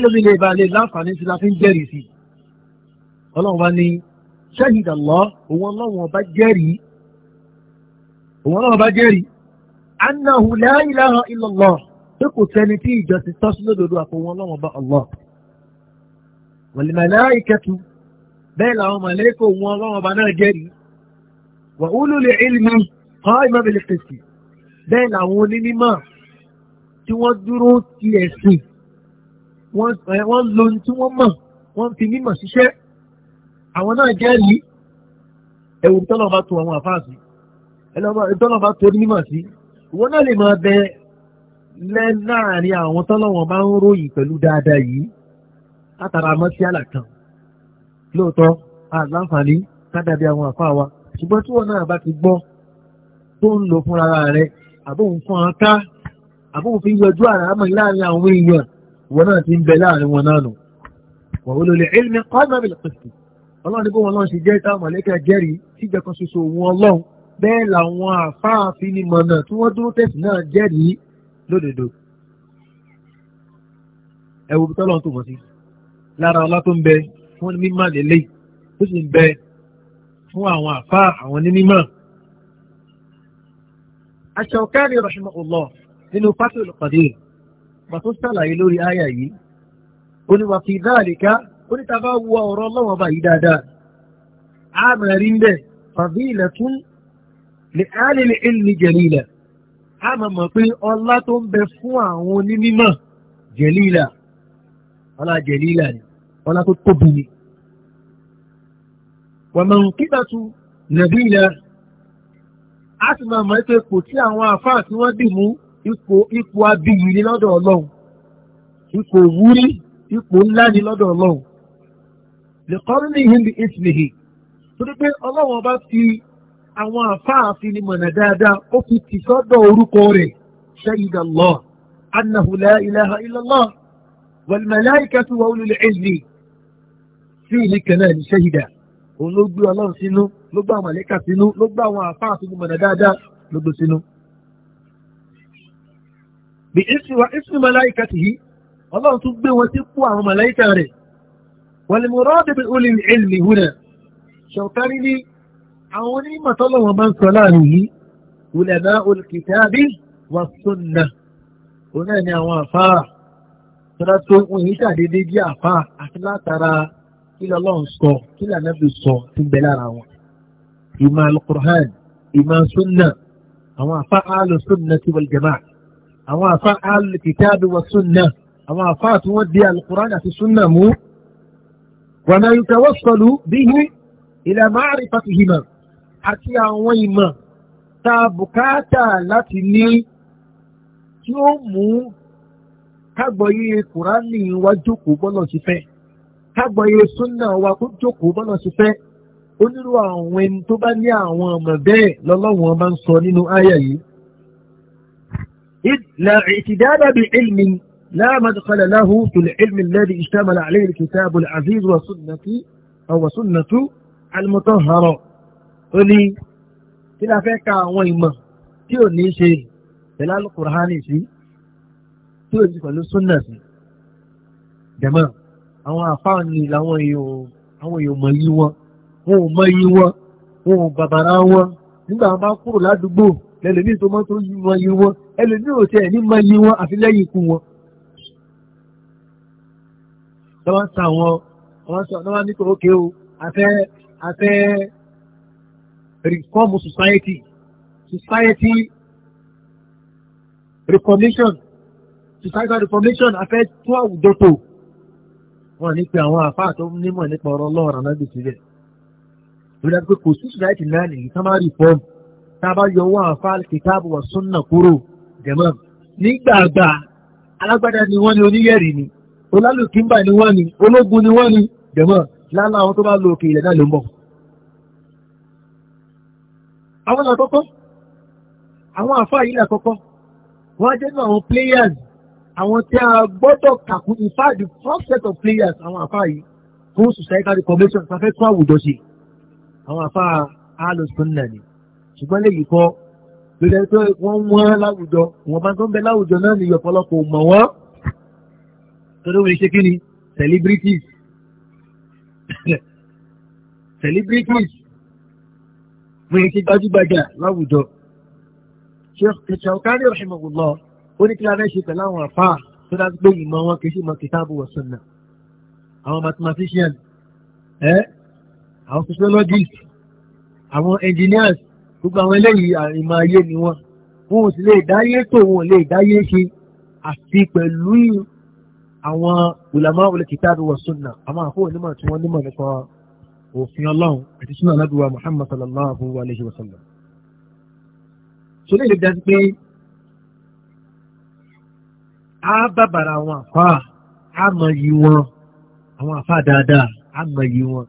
A: nù lè ba lè láǹfààní sí la ń jẹ́rìí sí ọlọ́run bá ní ṣáhìdà lọ òun ọlọ́run ọba jẹ́rìí òun ọlọ́run ọba jẹ́rìí annahu la ilaha illallah pé kò sẹ́ni tí ìjọsìn tọ́ sí lódodo àfọwọ́n ọlọ́run ọba Allah wal malaikatu bẹ́ẹ̀ làwọn màlẹ́kọ̀ òun ọlọ́run ọba náà jẹ́rìí wa ulul ilmi qaima bil qisti bẹ́ẹ̀ làwọn onímọ̀ tí wọ́n dúró ti ẹ̀sìn wọ́n lo ohun tí wọ́n mọ̀ wọ́n fi mímọ̀ ṣiṣẹ́ àwọn náà jẹ́rìí ẹ̀wù tọ́lọ̀ bá tó àwọn àfáà sí tọ́lọ̀ bá tó onímọ̀ sí ìwọ náà lè máa bẹ lẹ́ láàrin àwọn tọ́lọ̀ wọn bá ń ròyìn pẹ̀lú dáadáa yìí látara mọ́síálà kan lóòótọ́ àláǹfààní kádàbí àwọn àfáà wa ṣùgbọ́n tí wọn náà bá ti gbọ́ tó ń lò fúnra rẹ̀ àbóhùn fún ọ ká àbóhùn fi yọjú àràmọ̀ láàrin àwọn èèyàn wọn náà ti ń bẹ láàrin wọn náà nù wọ́n olólè ilmi qama ọlọ́run ní kó wọn lọ́n ṣe jẹ́ táwọn mọ̀lẹ́kà jẹ́rìí síjẹ́ kan ṣoṣo òun ọlọ́run bẹ́ẹ̀ làwọn àfáàfin ni mọ̀nà tí wọ́n dúró tẹ̀sí náà jẹ́rìí lódodo ẹ wo tọ́lọ́run tó mọ̀ sí lára ọlá tó ń bẹ fún mímọ́ lélẹ̀ tó sì ń bẹ fún àwọn àfá àwọn onímọ̀ Ash-Shawkani rahimahullah nínú Fathul Qadir pàtó sàlàyé lórí àyà yìí oníta bá wo ọ̀rọ̀ ọlọ́wọ́ bá yìí dáadáa a máa rí bẹ́ẹ̀ fadilatun li ahli ilmi jalila a máa mọ̀ pé ọlá tó ń bẹ fún àwọn onímọ̀ jalila ọlá jalila ni ọlá tó tóbi ni. wa manqibatu nabila a sì máa mọ̀ pé kò tí àwọn àfáà tí wọ́n dì mú ipò abiyì ni lọ́dọ̀ ọlọ́run ipò wúrí ipò ńlá ni lọ́dọ̀ ọlọ́run liqarnihim bi ismihi torí pé ọlọ́wọ́n bá fi àwọn àfáàfin ni mọ̀nà dáadáa ó fi tì sọ́dọ̀ orúkọ rẹ̀ shahida Allah annahu la ilaha illallah wal malaikatu wa ulul ilmi fihi kanan shahida òun ló gbé ọlọ́run sínú ló gbé àwọn àlékà sínú ló gbé àwọn àfáàfin ni mọ̀nà dáadáa ló gbé sínú. bí ismi wa ismi malaikatihi ọlọ́run tún gbé wọn sí kú àwọn malaika rẹ̀ والمراد بأولي العلم هنا شوطان لي عوني ما طلب من صلاله علماء الكتاب والسنة هنا نعوى نوافا تراتو وهيتا دي دي دي أفا أحلا ترى إلى الله سكو إلى نبي سكو تنبلا راوا إما القرآن إما سنة أما فعل السنة والجماعة أما فعل الكتاب والسنة أما فعل ودي القرآن في السنة مو وما يتوصل به إلى معرفتهما àti àwọn ìmọ̀ tá a bùkátà láti ní tí ó mú kágbọ̀yé kùránì wa jókòó bọ́lọ̀ sí fẹ́ kágbọ̀yé súnà wa kó jókòó bọ́lọ̀ sí onírú àwọn ẹni tó bá ní àwọn ọmọ bẹ́ẹ̀ lọ́lọ́wọ́n máa ń sọ nínú àyà yìí. ìtìdára bíi ilmin لا مدخل له في العلم الذي اشتمل عليه الكتاب العزيز وسنة أو سنة المطهرة قولي كلا فيك ويما كيو نيشي كلا القرآن شي كيو نيشي كلا السنة شي جماعة àwọn àfáà ni làwọn èèyàn mọ̀ yí wọn wọn ò mọ̀ yí wọn wọn ò bàbàrà wọn nígbà wọn bá kúrò ládùúgbò lẹ́lẹ̀mí tó mọ́ tó yí wọn yí wọn ẹlòmí ò tẹ̀ ní mọ̀ yí wọn àfi lẹ́yìn ikú wọn tọ́wọ́ ń sa àwọn wọ́n sọ wọ́n ní kò o afẹ́ afẹ́ reform society society reformation society reformation afẹ́ tó àwùjọ tó wọ́n ní pé àwọn àfáà tó nímọ̀ nípa ọ̀rọ̀ ọlọ́run náà gbèsè rẹ̀ lórí àti pé kò sí society náà nìyí tá máa reform tá a bá yọ owó àfáà kìtàbù wà súnà kúrò jẹ̀mọ́ nígbàgbà alágbádá ni wọ́n ní oníyẹ̀rì ni olálùkímbà ni wọ́n ni ológun ni wọ́n ni jẹ̀mọ́ lálá àwọn tó bá lo òkè ilẹ̀ náà ló ń bọ̀. àwọn àkọ́kọ́ àwọn àfáà yìí àkọ́kọ́ wọ́n á jẹ́ nínú àwọn players àwọn tí a gbọ́dọ̀ kàkún in fact the first set of players àwọn àfáà yìí fún societal commission pàfẹ́ tún àwùjọ ṣe àwọn àfáà alòsùn náà ni ṣùgbọ́n lè yìí kọ́ lórí ẹni tó wọ́n wọ́n láwùjọ wọ́n bá tó ń bẹ láwùjọ náà ni ọ̀pọ̀lọpọ̀ mọ̀ wọ́n torí wọ́n ṣe kí ni celebrities *laughs* celebrities wọ́n ṣe gbajúgbajà láwùjọ Sheikh Shawkani rahimahullah ó ní kí la fẹ́ ṣe pẹ̀lú àwọn àfáà tó dájú pé ìmọ̀ wọn kì í ṣe mọ̀ kìtàbù wa sunnah àwọn mathematician ẹ́ àwọn sociologist àwọn engineers gbogbo àwọn eléyìí àrìmọ̀ ayé ni wọ́n wọn ò sì lè dáyé tó wọn ò lè dáyé ṣe àti pẹ̀lú àwọn ulama olùkìtàbí wa sunna àwọn àfọ onímọ̀ tí wọ́n nímọ̀ nípa òfin ọlọ́run àti sunna alábíwá muhammad sallallahu alayhi wa sallam. so ní ìlú dájú pé a bàbàrà àwọn àfa àmọ̀yí wọn àwọn àfa dáadáa àmọ̀yí wọn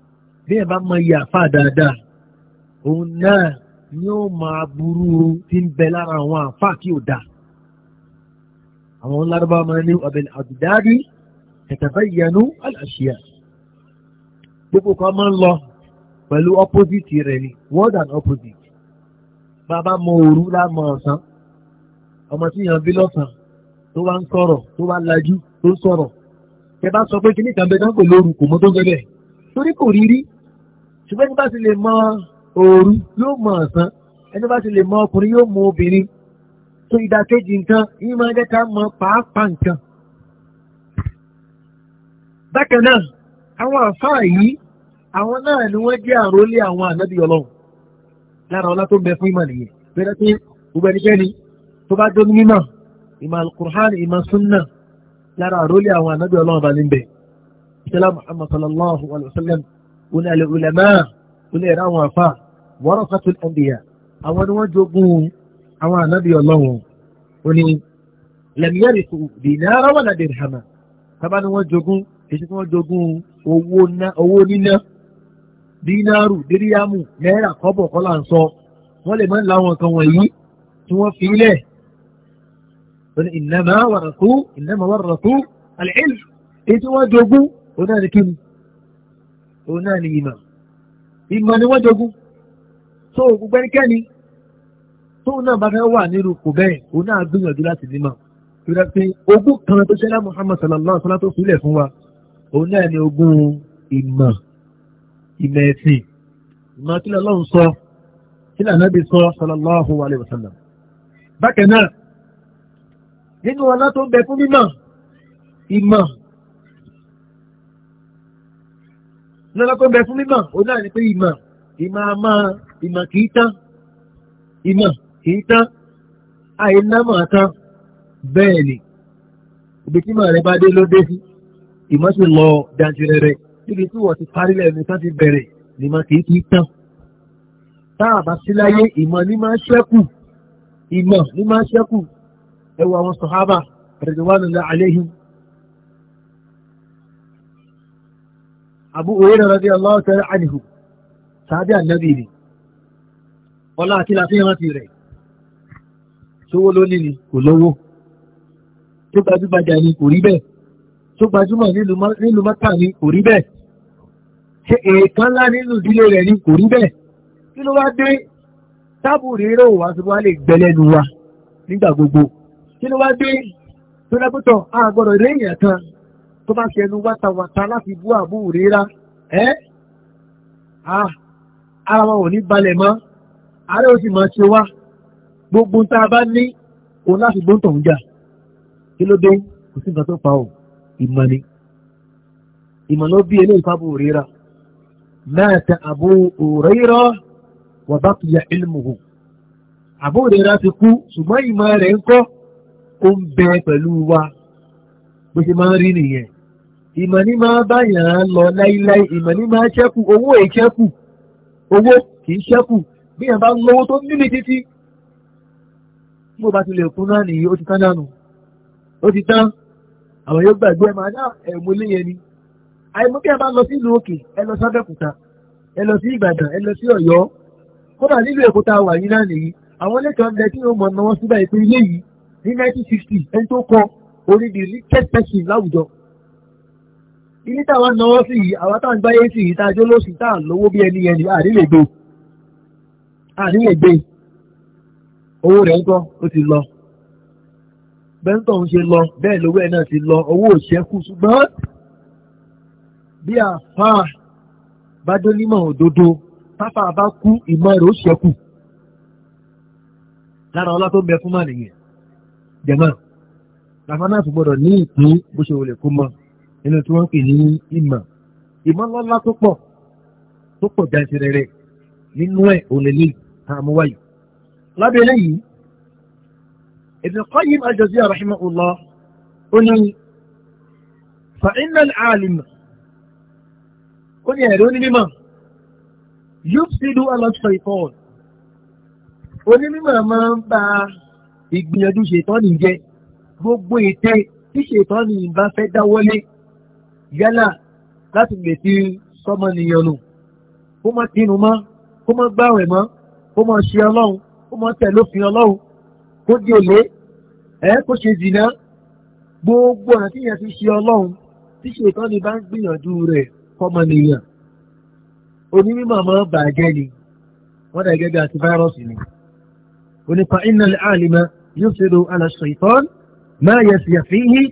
A: bí ẹ bá mọ̀yí àfa dáadáa òun náà ni ó máa burú tí ń bẹ lára àwọn àfa tí ò dáa àwọn lárúbá máa ní ọ̀bẹ̀ àbùdádì tẹ̀tẹ̀fẹ́ ìyẹnu aláṣíà gbogbo kan máa ń lọ pẹ̀lú opposite rẹ̀ ni word and opposite bàbá mọ òru láàmọ ọ̀sán ọmọ tí yàn bí lọ́sàn tó wá ń sọ̀rọ̀ tó wá lajú tó ń sọ̀rọ̀ tẹ bá sọ pé kí ní ìtàn bẹ dáńgò lóru kò mọ tó ń bẹ torí kò rí rí ṣùgbọ́n ẹni bá ti lè mọ òru yóò mọ ọ̀sán ẹni bá ti lè mọ ọkùnrin yóò mọ obìnrin tó ìdàkejì nǹkan yìí máa jẹ́ ká mọ pàápàá nǹkan. bákan náà àwọn àfáà yìí àwọn náà ni wọ́n jẹ́ àrólé àwọn ànábì ọlọ́run lára ọlá tó ń bẹ fún ìmọ̀ nìyẹn bẹ́ẹ̀ pé gbogbo ẹnikẹ́ni tó bá dó mímọ̀ ìmọ̀ alukur'an ìmọ̀ sunna lára àrólé àwọn ànábì ọlọ́run bá ní bẹ̀. ìṣẹ́lá muhammad sallallahu alayhi wa sallam wọn ni àwọn àfáà àwọn ànábì ọlọ́run ó ní lẹ́mìíràn kò dìnnà wala dirhama tábà ni wọ́n jogún èyí tí wọ́n jogún owó níná dínárù díríàmù náírà kọ́bọ̀ kọ́là ń sọ wọ́n lè máa ń láwọn kan wọ̀nyí tí wọ́n fi ilẹ̀ ìnáma wàràtú ìnáma wàràtú àlẹ́ìlì èyí tí wọ́n jogún òun náà ni kíni náà ni ìmọ̀ ìmọ̀ ni wọ́n jogún tó gbogbo ẹnikẹ́ni tóun náà bá fẹ́ wà nírú kò bẹ́ẹ̀ òun náà gbìyànjú láti nímọ̀ ìrẹ́ pé ogún kan tó ṣẹlá Muhammad sallallahu alaihi wasallam tó sílẹ̀ fún wa òun náà ni ogún ìmọ̀ ìmọ̀ ẹ̀sìn ìmọ̀ kí lọ́lọ́run sọ kí lànàbí sọ sallallahu alaihi wasallam. bákan náà nínú ọlá tó ń bẹ fún mímọ̀ ìmọ̀ nínú ọlá tó ń bẹ fún mímọ̀ òun náà ni pé ìmọ̀ ìmọ̀ àmọ́ ìmọ̀ ìmọ̀ kìí tán àìnámọ̀ tán bẹ́ẹ̀ ni ibi tí màá rẹ bá dé ló dé sí ìmọ̀ sì lọ jantirẹrẹ níbi tí wọ́n ti parí lẹ́nu tán ti bẹ̀rẹ̀ nìmọ̀ kìí kìí tán tá a bá sí láyé ìmọ̀ ní máa ṣẹ́kù ìmọ̀ ní máa ṣẹ́kù ẹwà àwọn sọ̀hábà rẹ̀dùwánulẹ̀ àléhìn Abu Hurairah radiyallahu ta'ala anhu tàbí ànábì ni ọlá àti láti rántí rẹ̀ sówó ló ní ni kò lówó tó gbajúgbajà ni kò rí bẹ́ẹ̀ tó gbajúmọ̀ nílùú mọ́tà ni kò rí bẹ́ẹ̀ ṣe èèkan ńlá nínú ìdílé rẹ̀ ni kò rí bẹ́ẹ̀ kí ló wá dé táàbù rírò wá sí wá lè gbẹlẹ́nu wa nígbà gbogbo kí ló wá dé tó lẹ́pútọ̀ àgbọ̀dọ̀ ilé èèyàn kan tó bá ṣẹnu wátawàta láti bú àbú rírà ẹ́ ah, ara wọn ò ní balẹ̀ mọ́ ààrẹ ó sì máa ṣe wá gbogbo tá a bá ní òun láti gbóǹtọ̀ ń jà kí ló dé kò sí nǹkan tó pa ọ́ ìmọ̀ ni ìmọ̀ ló bí eléyìí fábù rírà mata Abu Huraira wa baqiya ilmuhu Abu Huraira ti kú ṣùgbọ́n ìmọ̀ rẹ̀ ń kọ́ ó ń bẹ pẹ̀lú wa bó ṣe máa ń rí nìyẹn ìmọ̀ ní máa bá yàn án lọ láíláí ìmọ̀ ní máa ṣẹ́kù owó ìṣẹ́kù owó kì í ṣẹ́kù bí yàn bá lówó tó nílì títí bó bá ti lè kú náà nìyí ó ti tán dànù ó ti tán àwọn yóò gbàgbé ẹ máa dá ẹ̀mú lé yẹn ni àìmọ́ kí ẹ bá lọ sí ìlú òkè ẹ lọ sábẹ́kúta ẹ lọ sí ìbàdàn ẹ lọ sí ọ̀yọ́ kódà nílùú èkó tá a wà yín náà nìyí àwọn lẹ́tọ̀ọ́ ẹ̀ tí yóò mọ̀ náwó síbẹ̀ ìpín ilé yìí ní 1960 ẹni tó kọ orin the richest person láwùjọ ilé táwọn náwó sí yìí àwọn táwọn gbáyé sí yìí tá a jó tá a lówó bí ẹni yẹn ni àdílé gbé owó rẹ̀ ń kọ́ ó ti lọ bẹ́ńtọ̀ ń ṣe lọ bẹ́ẹ̀ lówó ẹ̀ náà ti lọ owó òṣẹ́kù ṣùgbọ́n bí àfáà bá dé nímọ̀ òdodo pápá bá kú ìmọ̀ rẹ̀ ó ṣẹ́kù lára ọlá tó ń bẹ fún mà nìyẹn jẹ̀mọ́ làfáànáàfù gbọ́dọ̀ ní ìpín bó ṣe wọlé kó mọ nínú tí wọ́n ń pè ní ìmọ̀ ìmọ̀ lọ́lá tó pọ̀ tó pọ̀ jáde rẹ̀ nínú ẹ̀ òun àmúwáyìí lábẹ́ eléyìí Ibn Qayyim al-Jawziyya rahimahullah ó ní fa'inal alima ó ní ẹ̀rí onímọ̀ yufsidu alọ́sọ̀ ìfọ̀ọ̀n onímọ̀ máa ń ba ìgbìyànjú ṣètọ́nì jẹ gbogbo ète tí ṣètọ́nì bá fẹ́ dáwọ́lé yálà láti lè fi sọmọnìyàn nù kó má tinú mọ́ kó má gbàwẹ̀ mọ́ kó má ṣe ọlọ́run ó mọ̀ tẹ̀ lófin ọlọ́run kó di èlé ẹ kó ṣe zìnà gbogbo ọ̀nà tí yẹn fi ṣe ọlọ́run tí ṣètọ́ ni bá ń gbìyànjú rẹ̀ kọ́mọnìyàn onímọ̀ mọ́ bàjẹ́ ni wọ́n dà gẹ́gẹ́ àti fáírọ́ọ̀sì ni onípa iná àlìmọ́ yóò ṣe lo aláṣọ ìtọ́n máa yẹ sí àfihì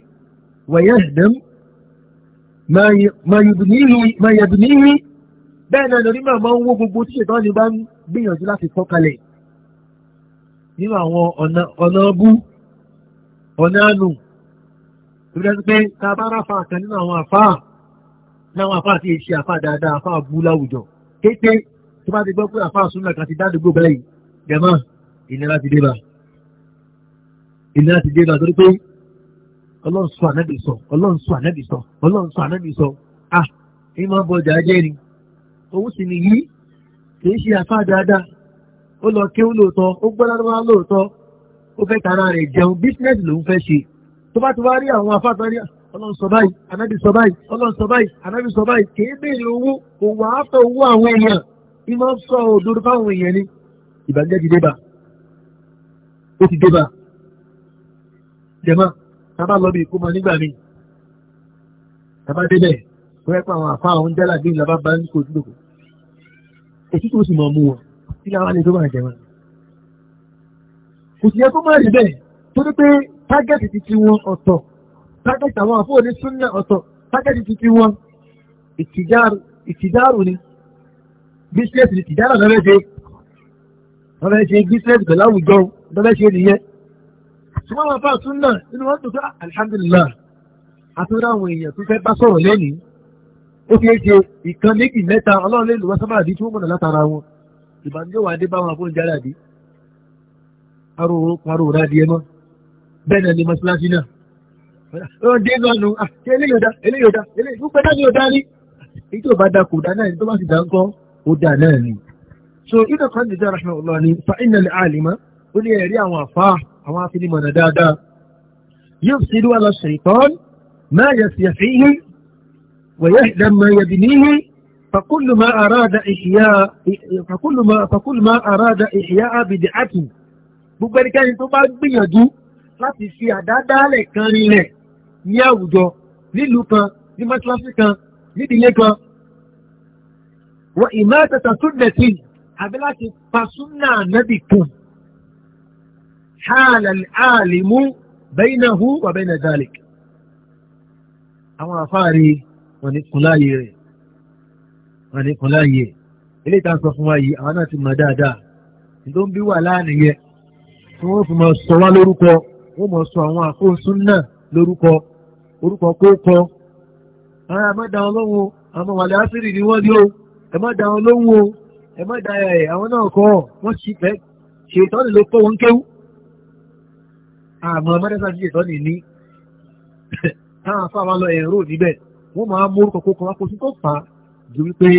A: wẹ̀yẹ́ ẹ̀dẹ́m máa yẹ bìníhì bẹ́ẹ̀ náà onímọ̀ mọ́ ń wó gbogbo tí ṣètọ́ bá ń gbìyànjú láti kọ́ nínú àwọn ọ̀nà ọbú ọ̀nà ànù tó dájú pé ta bá ráfa kan nínú àwọn àfáà láwọn àfáà tí èṣe àfáà dáadáa àfáà bú láwùjọ kéèké tó bá ti gbọ́ pé àfáà súnmọ́ kan ti dádúgbò báyìí jẹ̀mọ́ ìnira ti dé bá ìnira ti dé bá torí pé ọlọ́run sọ ànábì sọ ọlọ́run sọ ànábì sọ ọlọ́run sọ ànábì sọ ah ìmọ̀ bọ̀jà jẹ́ ni òun sì nìyí kì í ṣe àfáà dáadáa ó lọ kí ó lóòótọ́ ó gbọ́ lárúbáwá lóòótọ́ ó fẹ́ tara rẹ̀ jẹun bísínẹ́sì ló ń fẹ́ ṣe tó bá ti wá rí àwọn afáfẹ́rí ọlọ́run sọ báyìí anábì sọ báyìí ọlọ́run sọ báyìí anábì sọ báyìí kì í béèrè owó kò wá fẹ́ owó àwọn èèyàn bí wọ́n sọ òdodo fáwọn èèyàn ni ìbànújẹ́ ti débà ó ti débà jẹ́mọ́ tábà lọ bí ìkómọ nígbà míì tábà débẹ̀ wọ́n yẹ pé àwọn àfa àwọn jálà bíi làbá bá ń kó òtútù kò òtútù ó sì mọ̀ mú wọn kí láwọn alẹ́ tó máa jẹ wọn. kò sí yẹ kó máa rí bẹ́ẹ̀ tó ní pé tágẹ́tì ti ti wọn ọ̀tọ̀ tágẹ́tì àwọn àfọwọ́ ní súnà ọ̀tọ̀ tágẹ́tì ti ti wọn ìtìjáàrù ni bísíẹ̀sì ni ìtìjáàrù náà fẹ́ ṣe wọ́n fẹ́ ṣe bísíẹ̀sì pẹ̀lú àwùjọ wọ́n fẹ́ ṣe nìyẹn. ṣùgbọ́n wọn fà súnà nínú wọn tó ìbànújẹ́ wà dé báwọn akóhùn jára dé paro òrà díẹ̀ mọ́ bẹ́ẹ̀ náà ni mọ́ṣáláṣí náà ọ̀rọ̀ dé náà nù ah, eléyòdá eléyòdá eléyòdá ó pẹ́ dání ọ̀dá rí èyí tó bá da dá náà ni tó bá sì dá ń kọ́ ó dá náà ni. so ibà kan nìjọ allah ni fa iná lè àlìmọ́ ó ní ẹ̀rí àwọn àfa àwọn afinimọ̀nà dáadáa yóò sì فكل ما أراد إحياء فكل ما فكل ما أراد إحياء بدعته بقول كان يتوب بيجو لا تسيا دادا لكانيلة نياوجو نلوبا نمتلاسكا نديلكا وإماتة سنة أبلاك فسنة نبيكم حال العالم بينه وبين ذلك أما فاري ونقلاي a ní kan láàyè eléyìí tá a sọ fún wa yìí àwọn náà ti mọ̀ dáadáa tó ń bí wà láàníyẹ tí wọ́n fi mọ̀ sọ wá lórúkọ wọ́n mọ̀ sọ àwọn àkóńsún náà lórúkọ orúkọ kókọ ara má da wọn lóhùn àmọ́ wàlẹ̀ áfírì ni wọ́n yóò ẹ má da wọn lóhùn o ẹ má da ẹ àwọn náà kọ́ wọ́n sì fẹ́ ṣètọ́nì ló kọ́ wọn kéwú àmọ́ mẹ́tẹ́sà ti ṣètọ́nì ní *laughs* táwọn afáwọn lọ ẹ̀rọ níbẹ̀ wọ́n máa mú orúkọ kókọ wá kó tó fà á ju wípé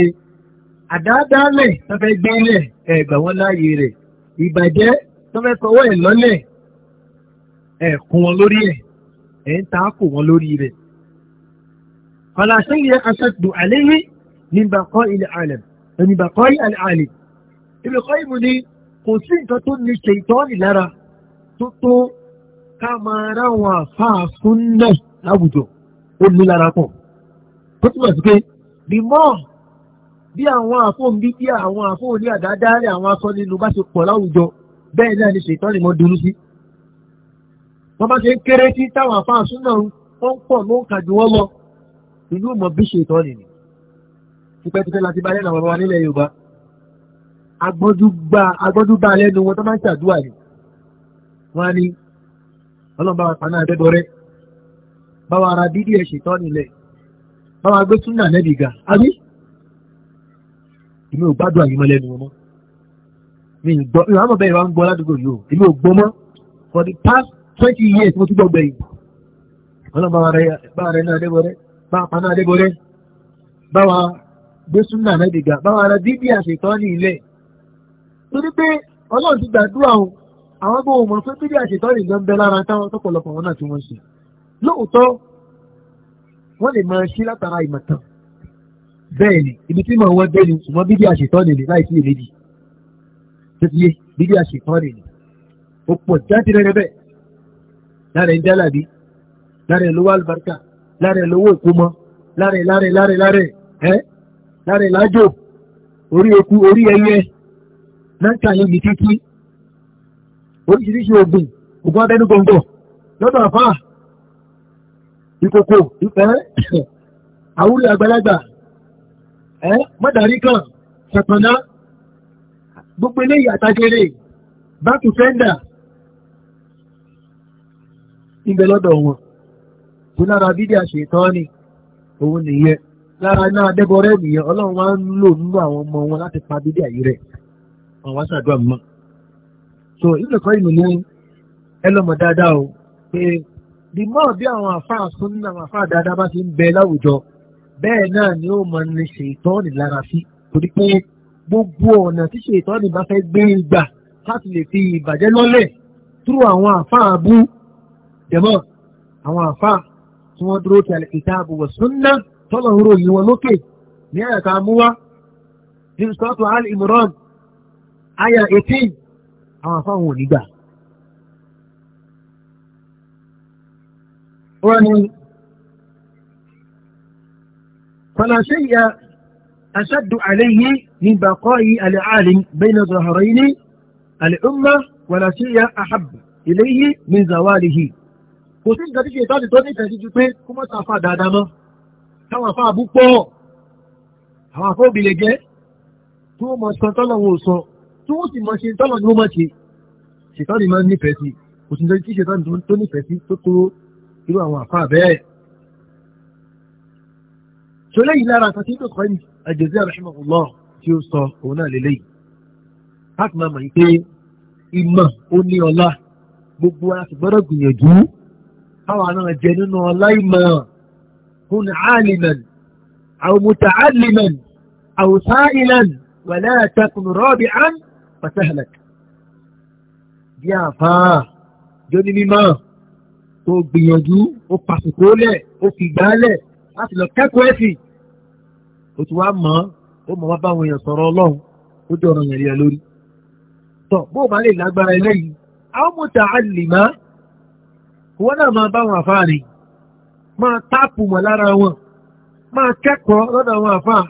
A: àdáadáalẹ̀ tó fẹ́ gbélẹ̀ ẹ̀ gbà wọ́n láàyè rẹ̀ ìbàjẹ́ tó fẹ́ sọwọ́ ẹ̀ lọ́lẹ̀ ẹ̀ kún wọn lórí ẹ̀ ẹ̀ ń ta kò wọn lórí rẹ̀. fàlàṣẹ́ yẹ aṣáàtù àléyé ní bàkọ́ ilẹ̀ àlẹ̀ ẹni bàkọ́ ilẹ̀ àlẹ̀ ibi kọ́ ìmú ni kò sí nǹkan tó ní ṣe ìtọ́ni lára tó tó ká máa ráwọn àfáà fún náà láwùjọ ó ní lára pọ̀ tó túmọ̀ sí pé the more bí àwọn àfóǹbí bí àwọn àfóòní àdádálẹ̀ àwọn akọnilu bá ṣe pọ̀ láwùjọ bẹ́ẹ̀ náà ni ṣètọ́ ni mo dunú sí. wọ́n bá ṣe ń kéré sí táwọn náà wọ́n pọ̀ ló ń kà wọ́n lọ mọ̀ bí ṣètọ́ tipẹ́tipẹ́ láti bá lẹ́nu àwọn ọmọ wa nílẹ̀ Yorùbá agbọ́dú bá lẹ́nu wọn tó máa ń ṣàdúrà ni. wọ́n á ní ọlọ́run bá wa wọ́n máa gbé súnà nẹ́bì ga àbí èmi ò gbádùn mi gbọ́ ìwà ń gbọ́ ládùúgbò yìí o èmi ò gbọ́ mọ́ for the past twenty years mo ti gbọ́ gbẹ̀yìn wọ́n lọ bá rẹ̀ náà débọ̀rẹ́ bá pa náà débọ̀rẹ́ bá wa gbé súnà nẹ́bì ga bá wa ra bíbí ní ilẹ̀ torí pé ọlọ́run ti gbàdúrà àwọn wọ́n lè máa ṣí látara ìmọ̀tàn bẹ́ẹ̀ ni ibi tí màá wọ́n dé ni ṣùgbọ́n bíbí àṣetọ́ nìyí láì sí ìrèdì títí bíbí àṣetọ́ nìyí ó pọ̀ jáde rẹ̀ bẹ́ẹ̀ lára ẹ̀ ń jálàbí lára ẹ̀ lówó àlùbáríkà lára ẹ̀ lówó ìkómọ lára ẹ̀ lára ẹ̀ lára ẹ̀ lára ẹ̀ ẹ́ lára ẹ̀ lájò orí eku orí ẹyẹ náà yẹn ní títí oríṣiríṣi oògùn oògùn abẹ́nú gbọ̀ngàn lọ́dọ̀ àfáà ìkòkò ìfẹ́ àwúrí àgbàlagbà ẹ́ mọ́dàrí kan ṣàtànná gbogbo ilé ìyàtàjẹrẹ báàkì fẹ́ndà ìgbẹ́ lọ́dọ̀ wọn kò lára bídíà ṣètọ́ ni òun nìyẹn lára náà dẹ́bọrẹ́ nìyẹn ọlọ́run wá ń lò nínú àwọn ọmọ wọn láti pa bídíà yìí rẹ̀ wọn wá ṣàdúrà mọ́ so ìgbẹ́kọ̀ ìmùlẹ̀ ẹlọ́mọ dáadáa o pé the more bí àwọn àfáà súnmí àwọn àfáà dáadáa bá ti ń bẹ láwùjọ bẹ́ẹ̀ náà ni ó mọ ní ṣètọ́ọ̀nì lára sí torí pé gbogbo ọ̀nà tí ṣètọ́ọ̀nì bá fẹ́ gbé ìgbà láti lè fi ìbàjẹ́ lọ́lẹ̀ túrò àwọn àfáà bú jẹ̀mọ́ àwọn àfáà tí wọ́n dúró ti al-kitabu wa tọ́lọ̀ ń ròyìn wọn lókè ní àyàká amúwá ní sọ́tù al-Imran àyà 18 àwọn àfáà wọn ò ní wọ́n ní fàlàṣẹ́ ìyá أشد عليه من بقاء العالم بين ظهرين الأمة ولا شيء أحب إليه من زواله kò sí nǹkan tí ṣe ìtọ́jú tó ní ìtẹ̀sí ju pé kó mọ́ sáfà dáadáa mọ́ táwọn afá àbú pọ̀ àwọn afọ́ òbí lè jẹ́ tí wọ́n mọ̀ sọ tọ́lọ̀ wọn ò sọ tí wọ́n sì mọ̀ ṣe tọ́lọ̀ ni wọ́n mọ̀ ṣe ṣètọ́ni máa ń nífẹ̀ẹ́ sí kò sí nǹkan ìtọ́jú tó nífẹ̀ẹ́ sí tó tó irú àwọn àfáà bẹ́ẹ̀ tó lẹ́yìn lára àtàkì tó kọ́ àjẹsí rahimahullah tí ó sọ òun náà lélẹ́yìn láti máa mọ̀ pé ìmọ̀ ó ní ọlá gbogbo wa láti gbọ́dọ̀ gbìyànjú káwọn náà jẹ nínú ọlá ìmọ̀ kun aliman aw muta'alliman aw sa'ilan wa la takun rabi'an fa tahlak bí àfáà jóní mímọ́ tó gbìyànjú ó pàṣípò lẹ̀ ó fi gbà lẹ̀ láti lọ kẹ́kọ̀ọ́ ẹ̀sìn ó ti wá mọ̀ ó mọ̀ wá báwọn èèyàn sọ̀rọ̀ ọlọ́run ó ọ̀rọ̀ lórí. bó o bá lè lágbára eléyìí wọn náà máa báwọn àfáàní máa táàpù mọ̀ lára wọn máa kẹ́kọ̀ọ́ lọ́dọ̀ àwọn àfáà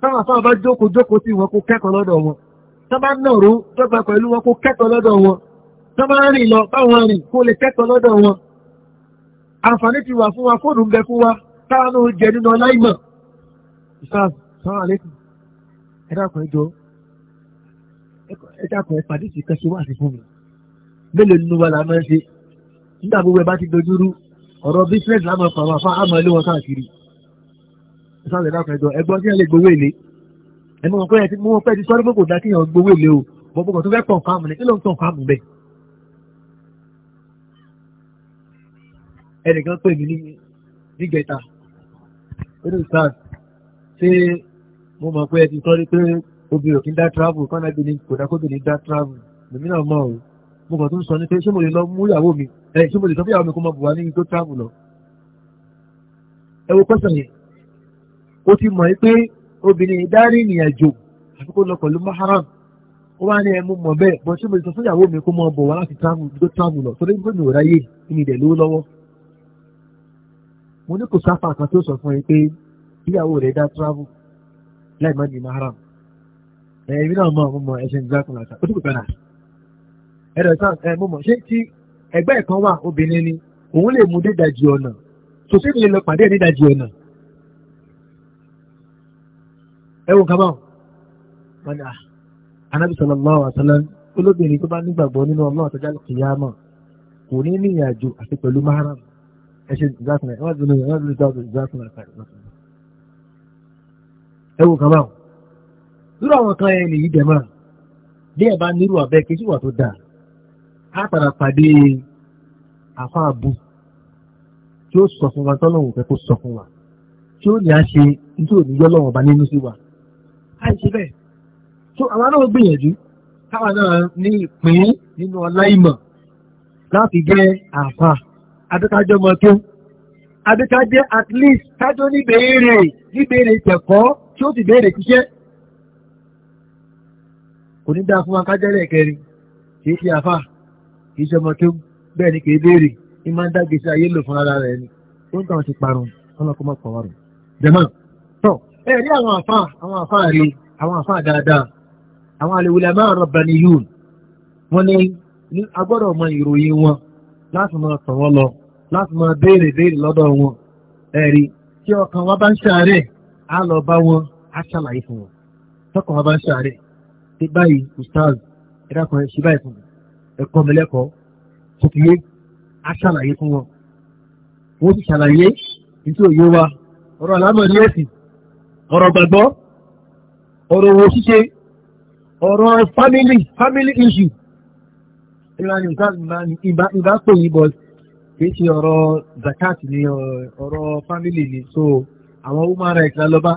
A: táwọn àfáà bá sí tó bá rìn lọ báwọn rìn kó lè kẹ́kọ̀ọ́ lọ́dọ̀ wọn àǹfààní ti wà fún wa fóònù ń bẹ fún wa táwọn náà jẹ nínú ọláìmọ̀ ìsáàf sáwọn àlékún ẹ dákun ẹjọ ẹ dákun ẹ pàdé ìsìnkà ṣe wá sí fún mi mélòó nínú wa là máa ń ṣe nígbà gbogbo ẹ bá ti dojú rú ọ̀rọ̀ bísíǹsì lámọ̀ fàwọn afá àmọ́ ilé wọn káàkiri ìsáàf ẹ dákun ẹjọ ẹgbọ́n tí ẹ lè gbowó èlé ẹ mọ̀ wọn pẹ́ ti sọ́dọ́ pé kò dá kéèyàn gbowó èlé o bọ́ ẹnìkan pè mí nígẹta nínú sars ṣé mo mọ̀ pé ẹ ti sọ pé obìnrin ò kí ń dá travel kọ́nà bí ní kò dá kóbìnrin dá travel lèmi náà mọ̀ o mo kàn tún sọ ní pé ṣé mo lè lọ mú ìyàwó mi ẹ ṣé mo lè sọ fún ìyàwó mi kó mọ bùwá níbi tó travel lọ. ẹ wo pẹ́sàn yẹn ó ti mọ̀ pé obìnrin ìdárí ìrìnàjò àti kó lọ pẹ̀lú maharam ó wá ní ẹmu mọ̀ bẹ́ẹ̀ bọ́ ṣé mo lè sọ fún ìyàwó mi kó mọ bùwá láti travel lọ torí gbọ́dọ̀ ráyè ní ìdẹ̀ lówó lọ́wọ́ mo ní kò sáfà kan tó sọ fún ẹ pé ìyàwó rẹ̀ dá travel láì má ní mahram ẹ̀mí náà mọ̀ ọmọ ẹ̀ṣẹ̀ nígbà kan láta ó ti kò pẹ́ náà ẹ̀rọ ìtàn ẹ̀ mo mọ̀ ṣé tí ẹgbẹ́ ẹ̀ kan wà obìnrin ni òun lè mú dédàjì ọ̀nà sòfin mi lè lọ pàdé ẹ̀ dédàjì ọ̀nà ẹ wo nǹkan báwọn wọn ni anabi ah, sallallahu alaihi wasallam olóbìnrin tó bá nígbàgbọ́ nínú ọlọ́run àtọ́jà kìyàmọ̀ kò ní ní ìrìn àti pẹ̀lú mahram ẹ ṣe ìjásùnà ẹ wá dúró ẹ wá dúró ìjásùnà ìjásùnà ìjásùnà. ẹ wò kàn báwọn lórí àwọn kan ẹ nìyí dẹ̀ máa bí ẹ bá nírú abẹ́ kejì wà tó dáa á padà pàdé àfa àbù tí ó sọ fún wa tọ́lọ́wọ̀n fẹ́ kó sọ fún wa tí ó ní a ṣe nítorí òníyọ́ lọ́wọ́ ọba nínú sí wa á ṣe bẹ́ẹ̀ tó àwọn náà gbìyànjú káwa náà ní ìpín nínú ọlá ìmọ̀ láti jẹ́ àfa àbíkájọ́ mọ̀ tó àbíkájẹ́ at least kájọ́ níbèèrè níbèèrè ìtẹ̀kọ́ tí ó ti béèrè kíṣẹ́ kò ní dáa fún wa kájẹ́lẹ̀ kẹrin kìí ṣe àfà kìí ṣe ọmọ tó bẹ́ẹ̀ ni kìí béèrè ní máa ń dá gbèsè ayé lò fún ara rẹ̀ ni ó ń tàn ti parun ọlọ́kọ́ mọ̀ pọ̀ wọ́rọ̀ jẹ̀mọ́ tọ́ ẹ rí àwọn àfà àwọn àfà rí àwọn àfà dáadáa àwọn al-ulama ar-rabbaniyun wọ́n ní agbọ́dọ̀ mọ ìròyìn wọn láti máa tọ̀ wọ́n lọ láti máa béèrè béèrè lọ́dọ̀ wọn ẹ̀rí tí ọkàn bá ń ṣàárẹ̀ á lọ bá wọn á ṣàlàyé fún wọn tọkàn bá ń ṣàárẹ̀ ti báyìí ustaz ẹ̀dá kan báyìí fún mi ẹ̀kọ́ mi lẹ́kọ̀ọ́ fún wọn wọ́n ti ṣàlàyé nítorí òye ọ̀rọ̀ àlámọ̀rí ọ̀rọ̀ gbàgbọ́ ọ̀rọ̀ ìlànà ìbá pè yín bọ́ kìí ṣe ọ̀rọ̀ zakat ni ọ̀rọ̀ family ni so àwọn human rights lọ́ba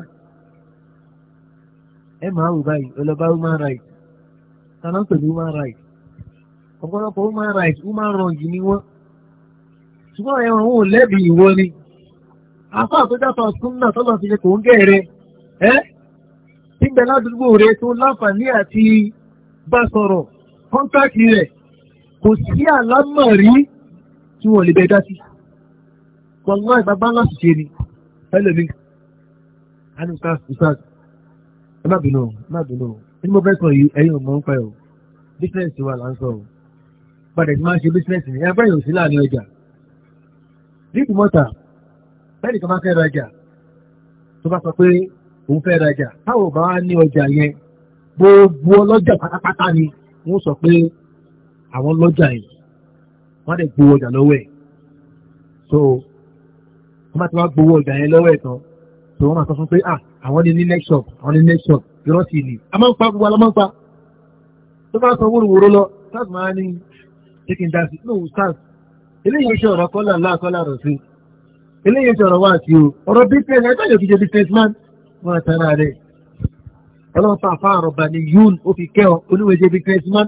A: ẹ máa wò báyìí ọlọ́ba human rights tànà ń pèlú human rights ọ̀pọ̀lọpọ̀ human rights human wrong ni wọ́n ṣùgbọ́n ẹ̀wọ̀n òun lẹ́bi ìwọ ni afá àtọ́jáfà súnmọ́ tọ́lọ̀ ti ṣe kò ń gẹ̀ẹ́rẹ́ ẹ́ tí ń bẹ ládùúgbò rẹ tó láǹfààní àti bá sọ̀rọ̀ kọ́ńtàkì rẹ̀ kò sí àlámọ̀ rí tí wọ́n lè bẹ dá sí wọ́n ìbábá ńlá sì ṣe ni ẹlẹ́mi ẹni ìsáàs ìsáàs ẹ má bínú ẹ má bínú ẹni mo fẹ́ sọ yìí ẹ̀yin ò mọ̀ ń pẹ́ o bísíǹsì wa là ń sọ o padà tí máa ń ṣe bísíǹsì ni ẹgbẹ́ yóò sí láàrin ọjà dídì mọ́tà bẹ́ẹ̀ nìkan máa fẹ́ rajà tó bá àwọn lọ́jà yìí wọ́n lè gbowó ọjà lọ́wọ́ ẹ̀ so wọ́n máa ti wá gbowó ọjà yẹn lọ́wọ́ ẹ̀ tán so wọ́n máa sọ fún pé ah àwọn ní ní next shop àwọn ní next shop yọ̀rọ̀ sì ni a máa ń pa gbogbo a máa ń pa tó bá sọ wóróworó lọ sars máa ní taking that no sars eléyìí ṣe ọ̀rọ̀ kọ́là ńlá kọ́là rọ̀ sí eléyìí ṣe ọ̀rọ̀ wá sí o ọ̀rọ̀ business ẹ̀ka yóò fi ṣe business man wọ́n á tara rẹ̀ ọlọ́pàá fáàrọ̀ bá ní yún ó fi kẹ́ ọ oníwèé ṣe business man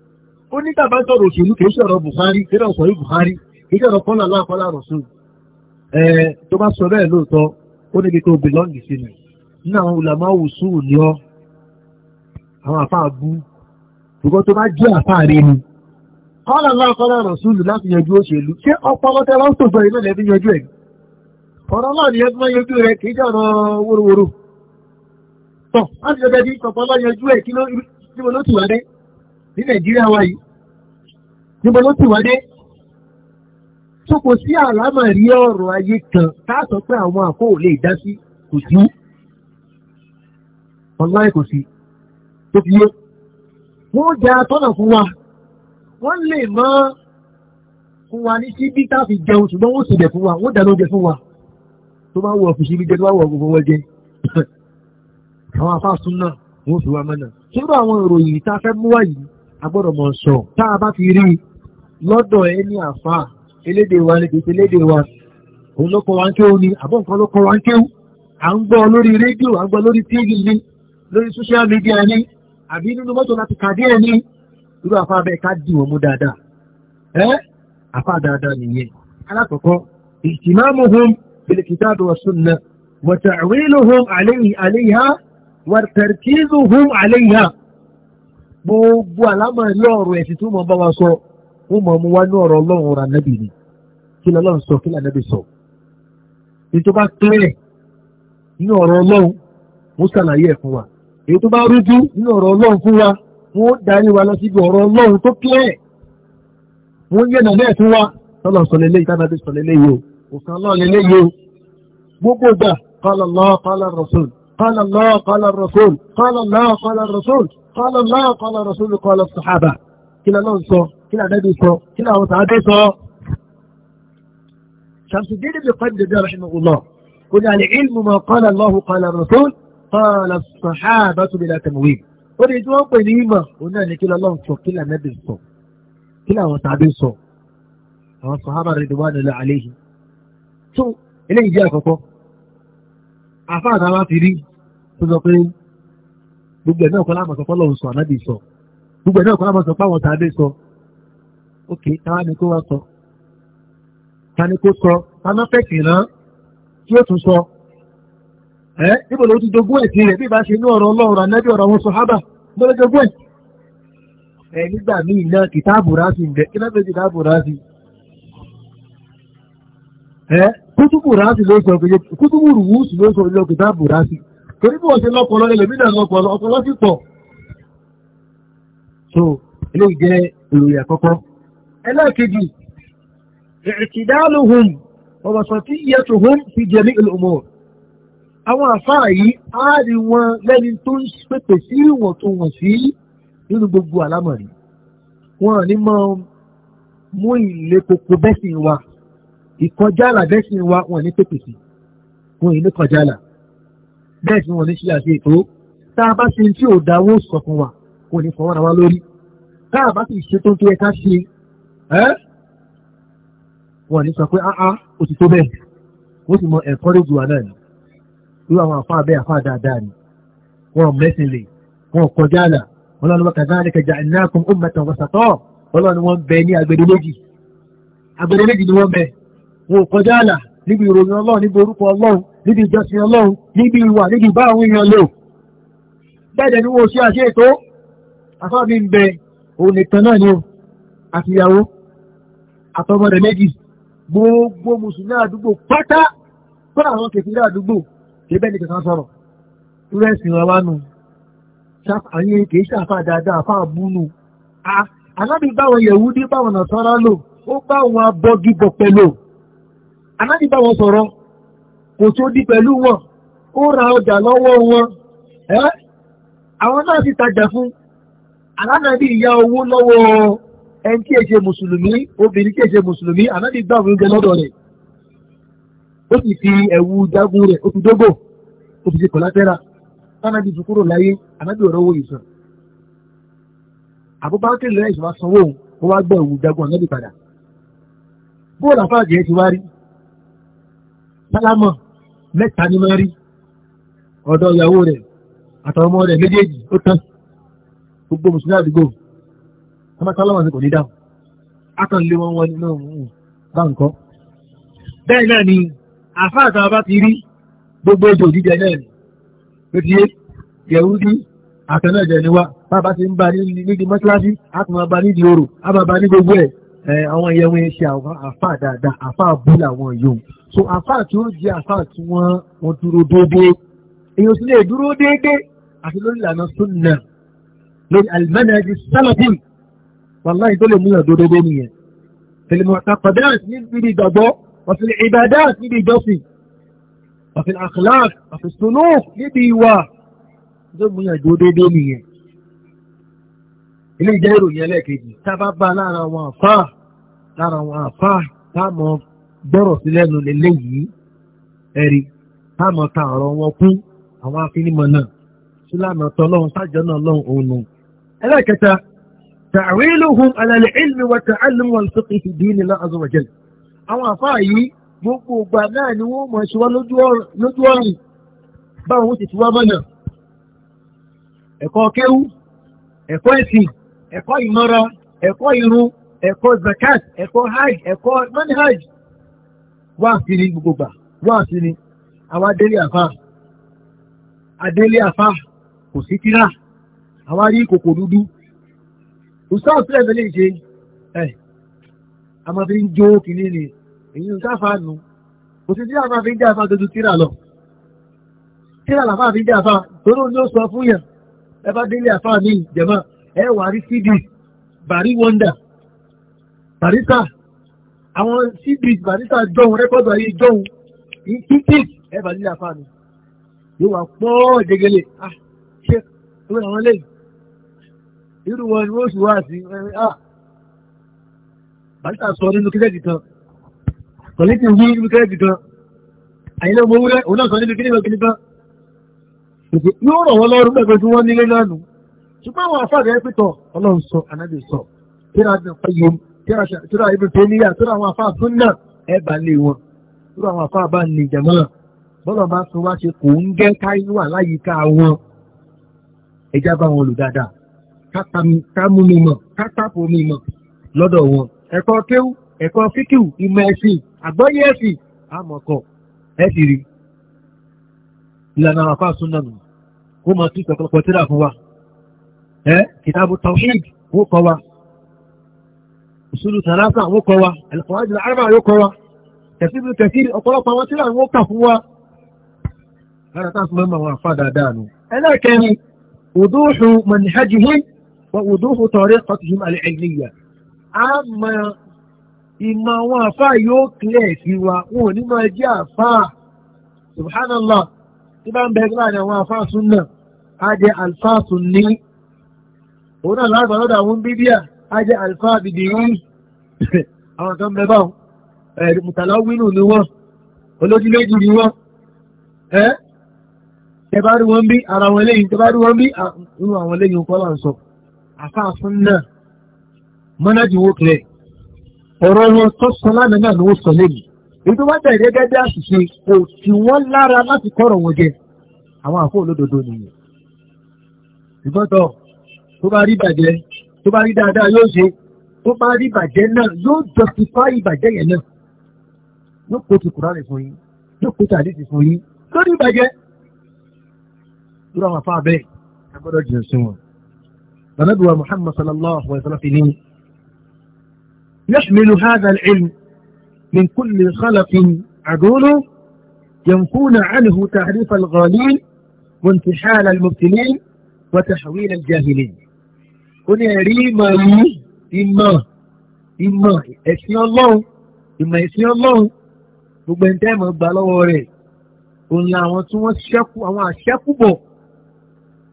A: onye ní tàbá sọ̀rọ̀ òṣèlú kìí sọ̀rọ̀ Buhari kìí sọ̀rọ̀ yìí Buhari kìí sọ̀rọ̀ kọ́lá aláàkọ́lá rọ̀sùn ẹ̀ tó bá sọ bẹ́ẹ̀ lóòótọ́ ó níbi tó bìlọ́ǹgì sí ni nínú àwọn wùsù ọ́ àwọn àfáà bú ṣùgbọ́n tó bá jẹ́ àfáà rẹ ni kọ́lá aláàkọ́lá rọ̀sùn láti yanjú òṣèlú ṣé ọpọlọ ní nàìjíríà wa yìí níbo ló ti wọlé tó kò sí àlámà rí ọ̀rọ̀ ayé kan káàtọ̀ pé àwọn àkó ò lè dá sí kò sí ọláì kò sí tó fi yé wọ́n jẹ́ atọ́nà fún wa wọ́n lè mọ́ fún wa ní sí bí tá fi jẹun ṣùgbọ́n wọ́n ṣèlẹ̀ fún wa wọ́n dáná oúnjẹ fún wa tó bá wọ ọ̀fìsí bí jẹ tó bá wọ ọ̀gbọ̀n wọ́n jẹ àwọn afáàsùn náà wọ́n fi wa mọ́nà sórí àwọn ìròyìn tá fẹ́ mú wá yìí agbọ́dọ̀ mọ̀ sọ tá a bá fi rí lọ́dọ̀ ẹ ní àfà elédè wa ní gbèsè elédè wa òun ló kọ́ wa ń kéwù ni àbọ̀ nǹkan ló kọ́ wa ń kéwù à ń gbọ́ lórí rédíò à ń gbọ́ lórí tíìgì ni lórí social media ni àbí nínú mọ́tò láti kàdé ẹ̀ ní irú àfà bẹ́ẹ̀ ká dì wọ́n mú dáadáa ẹ́ àfà dáadáa nìyẹn alákọ̀ọ́kọ́ ìtìmáàmùhùn bilkitabi wa sunna wa ta'wiluhum alayhi alayha wa tarkizuhum alayha gbogbo àlámà lọ́ọ̀rọ̀ ẹ̀sìn tó mọ̀ bá wa sọ ó mọ̀ mú wá ní ọ̀rọ̀ ọlọ́run ra nẹ́bì ni kí lọ́lọ́run sọ kí lànẹ́bì sọ èyí tó bá clear nínú ọ̀rọ̀ ọlọ́run ó ṣàlàyé ẹ̀ fún wa èyí tó bá rújú nínú ọ̀rọ̀ ọlọ́run fún wa wọ́n darí wa lọ síbi ọ̀rọ̀ ọlọ́run tó clear wọ́n yẹ̀nà náà fún wa tọ́lọ̀ sọ lélẹ́yìí tánàbí sọ lélẹ́yìí o òkan náà lélẹ́yìí o gbogbo gbà qala Allah qala rasul qala Allah qala rasul qala Allah qala rasul قال الله قال رسول قال الصحابة كلا ننصر كلا نبيصر كلا وتعبيصر شمس الدين بن قيم رحمه الله قلنا العلم ما قال الله قال الرسول قال الصحابة بلا تمويل ونريد أن قليما قلنا كلا ننصر كلا نبيصر كلا وتعبيصر والصحابة رضوان الله عليهم تو إليه جاء كوكو أفاد ما في ري تزقين gbogbo ẹ̀ náà kọ́ láàmọ̀ sọ pé ọlọ́run sọ ànábì sọ gbogbo ẹ̀ náà kọ́ láàmọ̀ sọ pé ok táwa ni kó wá sọ ta ni kó sọ táná fẹ́ẹ̀kì rán tí ó tún sọ ẹ níbo ló ti jogún ẹ̀ sí rẹ̀ bí ìbá ṣe ní ọ̀rọ̀ ọlọ́run ànábì ọ̀rọ̀ àwọn sọ̀hábà kútùbù ráàsì ló sọ kútùbù rùwùsù ló sọ kìtáàbù ráàsì torí bí wọ́n ṣe lọ́pọ̀lọ́ ẹlòmínà lọ́pọ̀lọ́ ọpọlọ sí pọ̀ so ilé jẹ́ ìròyìn àkọ́kọ́ ẹlẹ́ẹ̀kejì ìrìkìdálùhùn ọ̀rọ̀sọ̀ tí iye tó hún fi jẹ ní ìlúmọ̀ àwọn àfáà yìí á rí wọn lẹ́ni tó ń pèpè sí ìwọ̀n tó wọ̀n sí nínú gbogbo àlámọ̀rí wọn ní máa mú ìlé koko bẹ́sìn wa ìkọjá àlà bẹ́sìn wa wọn ní pèpè sí wọn ì ní kọjá àlà bẹ́ẹ̀ tí wọ́n ní ṣíyà sí ètò tá a bá ṣe tí ò dá owó sọ fún wa kò ní fọwọ́ ra wa lórí tá a bá sì ṣe tó ń tó yẹ ká ṣe ẹ́ wọ́n ní sọ pé áá ó ti tó bẹ́ẹ̀ ó sì mọ encourage wa náà ni irú àwọn àfa abẹ́ àfa dáadáa ni wọ́n mẹ́sìn lè wọ́n kọjá àlà wọ́n lọ́nà kàdá ní kẹjà ìnáàkùn ó mẹ́tàn wọ́n sàtọ́ wọ́n lọ́nà bẹ ní agbede méjì agbede méjì ni wọ́n bẹ níbi ìjọsìn ọlọ́run níbi ìwà níbi bá àwọn èèyàn lò bẹ́ẹ̀dẹ̀ ni wọ́n ṣe àṣẹ ètò afábí ń bẹ òun nìkan náà ni o àti ìyàwó àtọmọ rẹ̀ méjì gbogbo mùsùlùmí àdúgbò pátá fún àwọn kèfì àdúgbò kébẹ́ ní kankan sọ̀rọ̀ àyè kìí ṣàfà dáadáa àfà àbúnú a anábì báwọn yẹ̀wú báwọn lò ó báwọn abọ́gibọ̀ pẹ̀lú anábì báwọn sọ̀rọ̀ kò tó di pẹ̀lú wọn ó ra ọjà lọ́wọ́ wọn ẹ́ àwọn náà ti tajà fún alánàbí ìyá owó lọ́wọ́ ẹni tí èṣe mùsùlùmí obìnrin tí èṣe mùsùlùmí ànábì gbà fún oúnjẹ lọ́dọ̀ rẹ̀ ó sì fi ẹ̀wù jagun rẹ̀ ó fi dógò ó fi ṣe kọ̀látẹ́ra tánàbí fi kúrò láyé ànábì ọ̀rọ̀ owó ìsàn àbúbákẹ́ lẹ́yìn ìṣòwò sanwó ó wá gbọ́ ẹ̀wù jagun ànábì padà bóòlù àfáàjẹ́ ti wá rí sálámọ̀ mẹ́ta ní máa rí ọ̀dọ̀ ìyàwó rẹ̀ àtàwọn ọmọ rẹ̀ méjèèjì ó tán gbogbo mùsùlùmí àdúgbò sí kò ní dáhùn akànlé wọn wọn nínú hmm, bá ń kọ́ bẹ́ẹ̀ náà ni àfáà tá bá ti rí gbogbo ètò òdíjẹ náà ni ó àtẹnáàjẹ ni wá bá bá ti ń ba nídìí mọ́ṣáláṣí á tún nídìí àwọn ìyẹn wọn ṣe àwọn àfà dáadáa àfà àbúlà wọn yòó so àfà tí ó jẹ àfà tí wọn wọn dúró déédéé èèyàn sì lè dúró déédéé àti lórí ìlànà sunna lórí alimẹ́nẹ́jì sálọ́tìm wàláyé tó lè mú ìyàn dúró déédéé nìyẹn tẹlifù àtàkọ̀dáàsì níbi ìgbàgbọ́ ọ̀sìn ìbàdáàsì níbi ìjọsìn ọ̀sìn àkàlàs ọ̀sìn sunúù níbi ìwà tó mú ìyàn dúró déédéé nìyẹn ilé ìjẹ́ ìròyìn ẹlẹ́ẹ̀kejì tábà bá lára àwọn àfáà lára àwọn àfáà táàmọ̀ gbọ́rọ̀ sí lẹ́nu lélẹ́yìí ẹ̀rí táàmọ̀ ta ọ̀rọ̀ wọn kún àwọn afinimọ̀ náà sílànà tọ́lọ́hún sájọ́nà ọlọ́hún òun nù. ẹlẹ́ẹ̀kẹta ta'wiluhum ala al-ilmi wa ta'allum wal fiqh fi dinillah azza wa jalla. àwọn àfáà yìí gbogbo ìgbà náà ni wọ́n mọ̀ ṣe wá lójú ọ̀rìn báwọn ti fi wá mọ̀nà ẹ̀kọ́ kéwú ẹ̀kọ́ ẹ̀sìn ẹ̀kọ́ ìmọ̀ra ẹ̀kọ́ iru, ẹ̀kọ́ zakat ẹ̀kọ́ hajj ẹ̀kọ́ manhaj wá sí ni gbogbo gbà wá sí ni àwọn adélé àfa adélé àfa kò sí tíra àwọn arí kòkò dúdú ustaz sílẹ̀ fẹ́lẹ́ ṣe ẹ̀ amáfi ń jó kìíní ni èyí ń sáfà nù kò sí fi lọ fi ń dé àfa tó sọ fún ẹ wà rí cd bari wonder barista àwọn cd barista jọ̀hún rẹ́kọ̀dù ayé jọ̀hún títí ẹ bà nílẹ̀ afá mi yóò wà pọ́ ìdégele ah ṣe ó wẹ̀ àwọn lẹ́yìn irú wọn ni wọ́n sì wá sí ah barista sọ nínú kíkẹ́ẹ̀tì kan kọ̀lẹ́tì wí nínú kíkẹ́ẹ̀tì kan àyìnlẹ́ ọmọ owó rẹ̀ òun náà sọ nínú kíkẹ́ẹ̀tì kan yóò rọ̀ wọ́n lọ́rùn pẹ̀lú tí wọ́n nílé náà nù ṣùgbọ́n àwọn afáàgẹ́ pẹ̀tọ̀ ọlọ́run sọ anábì sọ tíra ní ọ̀pẹ́yẹ tíra ibi tó níyà tíra àwọn afáà tún náà ẹ bá lé wọn tíra àwọn afáà bá ní ìjàmọ́ bọ́lọ̀ bá tún wá ṣe kò ń gẹ́ káyíwà láyìíká wọn ẹja bá wọn lò dáadáa kámú mi mọ̀ kátàpù mi mọ̀ lọ́dọ̀ wọn ẹ̀kọ́ kéwú ẹ̀kọ́ fíkìwù ìmọ̀ ẹ̀sìn àgbọ́yé ẹ̀sìn àmọ̀kọ̀ ẹ̀sìn rí ìlànà àwọn afáà tún náà kó mọ̀ sí ìtọ̀kọ̀lọpọ̀ tíra fún wa ẹ́ kìtàbù tawhid wó kọ́ wa ìṣúlù sàlásà wó kọ́ wa al-qawaid al-arba'a yóò kọ́ wa kẹsìrì kẹsìrì ọ̀pọ̀lọpọ̀ àwọn tíra wọ́n kà fún wa lára tá a fún mẹ́mọ̀ àwọn àfa dáadáa nù. ẹlẹ́kẹ̀rin wuduhu manhajihim wa wuduhu tariqatihim al-ilmiyya a máa ìmọ̀ àwọn àfa yóò kílẹ̀ sí wa wọn ò ní máa jẹ́ àfa subhanallah tí bá ń bẹ gbáà àwọn àfa sunna á jẹ́ alfa sunni òun náà lágbà lọ́dọ̀ àwọn bíbíà á jẹ́ alifáà bìbì rúùn àwọn kan bẹ báwọn ẹ̀rì mùtàlá wínú ni wọ́n olójúlójú ni wọ́n ẹ́ tẹbárí wọn bí ara wọn lẹ́yìn tẹbárí wọn bí inú àwọn lẹ́yìn kọ́ là ń sọ àfáàfún náà mọ́nájì wó kẹrẹ ọ̀rọ̀ wọn tó sọ lánàá náà ni ó sọ lẹ́yìn èyí tó bá tẹ̀ gẹ́gẹ́ bí àṣìṣe kò tí wọ́n lára láti kọ́rọ̀ wọn jẹ àwọn àfọ olódodo nìyẹn ìgbọ́dọ̀ tó bá rí bàjẹ́ tó bá rí dáadáa yóò ṣe tó bá rí bàjẹ́ náà yóò justify ìbàjẹ́ yẹn náà yóò kó ti kùránì fún yín yóò kó ti àdìsí fún yín lórí ìbàjẹ́ lórí àwọn afá bẹ́ẹ̀ ẹ gbọ́dọ̀ jìnnà sí wọn. Ànábì wa Muhammad sallallahu alayhi wa sallam fi ní يحمل هذا العلم من كل خلق عدول ينفون عنه تعريف الغالين وانتحال المبتلين وتحويل الجاهلين ó ní ẹ̀rí ìmọ̀ yìí ìmọ̀ ìmọ̀ ẹ̀sìn ọlọ́run ìmọ̀ ẹ̀sìn ọlọ́run gbogbo ẹni tẹ́ẹ̀mọ̀ gbà lọ́wọ́ rẹ̀ òun la àwọn tí wọ́n ṣẹ́kù àwọn àṣẹ́kùbọ̀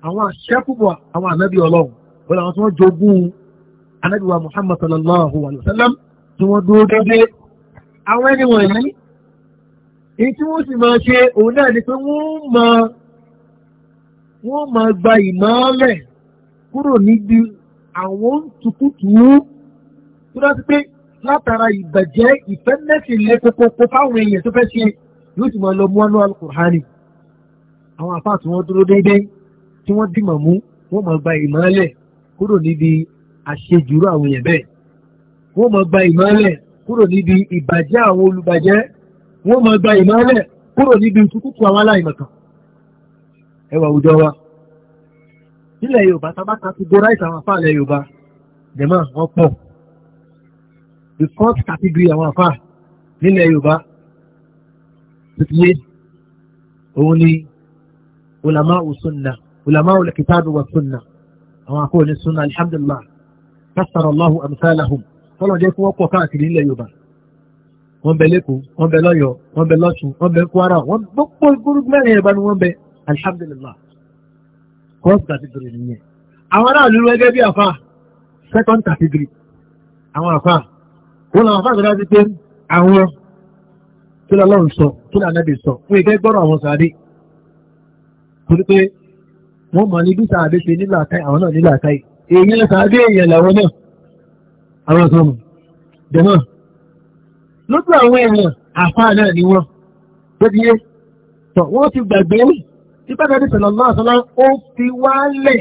A: àwọn àṣẹ́kùbọ̀ àwọn ànábì ọlọ́run òun làwọn tí wọ́n jogún ànábì wa Muhammad sallallahu alayhi wa sallam tí wọ́n dúró dédé àwọn ẹni wọ̀nyí èyí tí wọ́n sì máa ṣe òun náà ni pé wọ́n máa wọ́n máa gba ìmọ̀ọ́lẹ̀ kúrò níbi àwọn tukutu tó dá sí pé látara ìbàjẹ́ ìfẹ́ mẹ́sìnlẹ̀ kókókó fáwọn èèyàn tó fẹ́ ṣe yóò ti máa lọ mú ọ́nà alukurhani àwọn àfáà tí wọ́n dúró déédéé tí wọ́n dìmọ̀ mú wọ́n máa gba ìmọ̀lẹ̀ kúrò níbi àṣejùrú àwọn èèyàn bẹ́ẹ̀ wọ́n máa gba ìmọ̀lẹ̀ kúrò níbi ìbàjẹ́ àwọn olùbàjẹ́ wọ́n máa gba ìmọ̀lẹ̀ kúrò níbi tukutu àwọn aláìmọ̀kan ẹwà àwùjọ wa nílẹ̀ yorùbá tá a bá categorize àwọn afá ilẹ̀ yorùbá jẹ̀mọ́ wọ́n pọ̀ the first category àwọn afá nílẹ̀ yorùbá tuntun òun ni ulama usunna ulama olùkìtàbí wa sunna àwọn afọ ní sunna alhamdulillah fassara allahu amsalahum tọ́lọ̀ jẹ́ kí wọ́n pọ̀ káàkiri nílẹ̀ yorùbá wọ́n bẹ lẹ́kọ̀ọ́ wọ́n bẹ lọ́yọ̀ọ́ wọ́n bẹ lọ́sùn wọ́n bẹ kwara wọ́n gbogbo gbogbo mẹ́rin ẹ̀bá ni wọ́n bẹ alhamdulillah first category nìyẹn àwọn aráàlú ló gẹ́gẹ́ bí àfà second category àwọn àfà wọn làwọn àfà sọdá sí pé àwọn kí lọ́lọ́run sọ kí lànàbì sọ fún ìgbẹ́ gbọ́rọ̀ àwọn sàádé torí pé wọ́n mọ̀ ní bí sàádé ṣe nílà káì àwọn náà nílà káì èèyàn sàádé èèyàn làwọn náà àwọn sọmù jẹ̀mọ́ lójú àwọn èèyàn àfà náà ni wọ́n tó ti yé wọ́n ti gbàgbé ìpàdé sallallahu alaihi wasallam ó fi wálẹ̀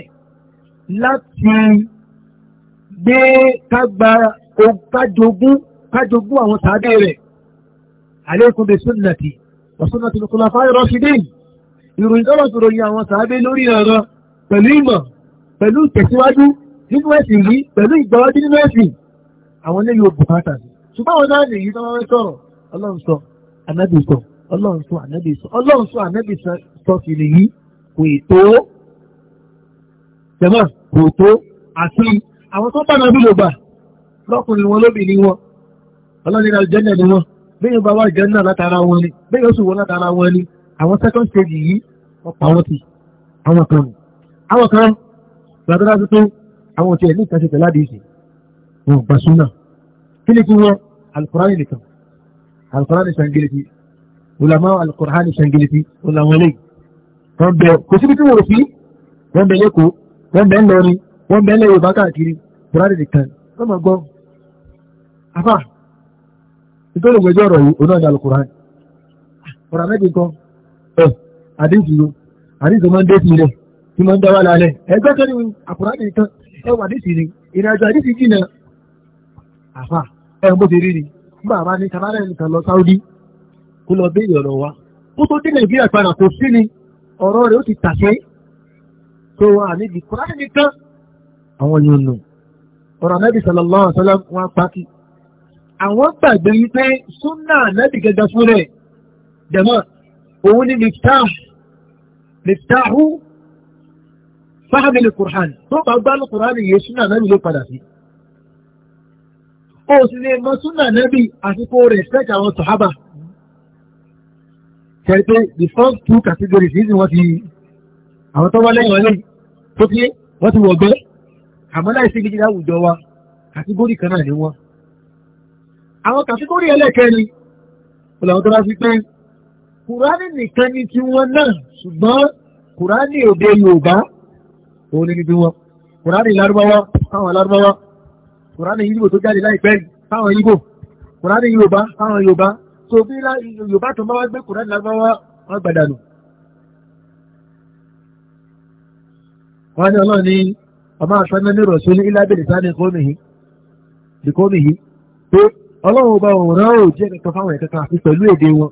A: láti gbé kágbá kájogún kájogún àwọn sàádé rẹ̀ alaykum bi sunnati wa sunnati al-khulafa'ir rashidin ìròyìn tó lọ́sùn ròyìn àwọn sàádé lórí ọ̀rọ̀ pẹ̀lú ìmọ̀ pẹ̀lú ìtẹ̀síwájú nínú ẹ̀sìn rí pẹ̀lú ìgbàwájú nínú ẹ̀sìn àwọn ilé yóò bùkátà sí ṣùgbọ́n àwọn náà nìyí tọ́sílì yìí kò tó jẹ́mọ̀ kò tó àti àwọn tó bánà bí lògbà lọ́kùnrin wọn lóbìnrin wọn ọlọ́nira jẹ́nà ni wọn bẹ́yìn bá wà jẹ́nà látara wọn ni bẹ́yìn oṣù wọn látara wọn ni àwọn second stage yìí ọ̀pọ̀ àwọn ti àwọn kan àwọn kan gbàdúrà tuntun àwọn òtí ẹ̀ ní ìtàṣe pẹ̀lú àdéhìsì wọn gbà súnà kí ni kí wọn alukurani nìkan alukurani sangiliti ulama alukurani sangiliti ulama lẹ́yìn wọ́n bẹ kò síbi wọ́n bẹ lẹ́kọ̀ọ́ wọ́n bẹ ńlọrin wọ́n nìkan wọ́n afa ìgbẹ́jọ́ ọ̀rọ̀ yìí ọ̀rọ̀ ẹ̀ àdéhùn àdéhùn máa ń dé tí máa ń dá wà lálẹ́ ẹgbẹ́ nìkan ẹ wà ní ìrìnàjò àdéhùn jìnnà ti rí ni nígbà bá ní kàbárẹ̀ nìkan lọ kó lọ bí ìyọ̀rọ̀ wa kó tó ọ̀rọ̀ rẹ̀ ó ti tàṣẹ tó wọn àníbi kúránì nìkan àwọn yóò nù ọ̀rọ̀ anábì sallallahu alaihi wasallam wọn pàkì àwọn gbàgbé wípé súnà anábì gẹ́gẹ́ fún rẹ̀ dẹ̀mọ́ òun ni miftah miftahu fáhàmìlì kùránì tó bá gbá lùkùránì yìí súnà anábì ló padà sí ó sì lè mọ súnà anábì àti rẹ̀ sẹ́kà àwọn sàhábà ṣẹ́rí pé the first two categories yìí wọ́n ti àwọn tó wá lẹ́yìn ọlẹ́yìn tó ti wọ́n ti wọ̀ gbẹ́ àmọ́ láìsí gidi láwùjọ wa kàtígórì kan náà ni wọ́n. àwọn kàtígórì ẹlẹ́kẹrin ọ̀làwọ̀n tó bá fi pé kùránì nìkan ni ti wọn náà ṣùgbọ́n kùránì èdè Yorùbá òun ni níbi wọn kùránì lárúbáwá táwọn lárúbáwá kùránì yíbò tó jáde láìpẹ́ táwọn yíbò kùránì Yorùbá táwọn Yorùbá so bí yorùbá tó máa gbé kùránì lágbáwá wọn gbàdánù wọn ní ọlọ́run ní ọmọ àṣánná ní rọ̀ṣúlé ilábẹ̀lẹ̀ sáni kọ́mìhì pé ọlọ́run ọba òòrán ò jẹ́ nìkan fáwọn ẹ̀kẹ́ kan àfi pẹ̀lú èdè wọn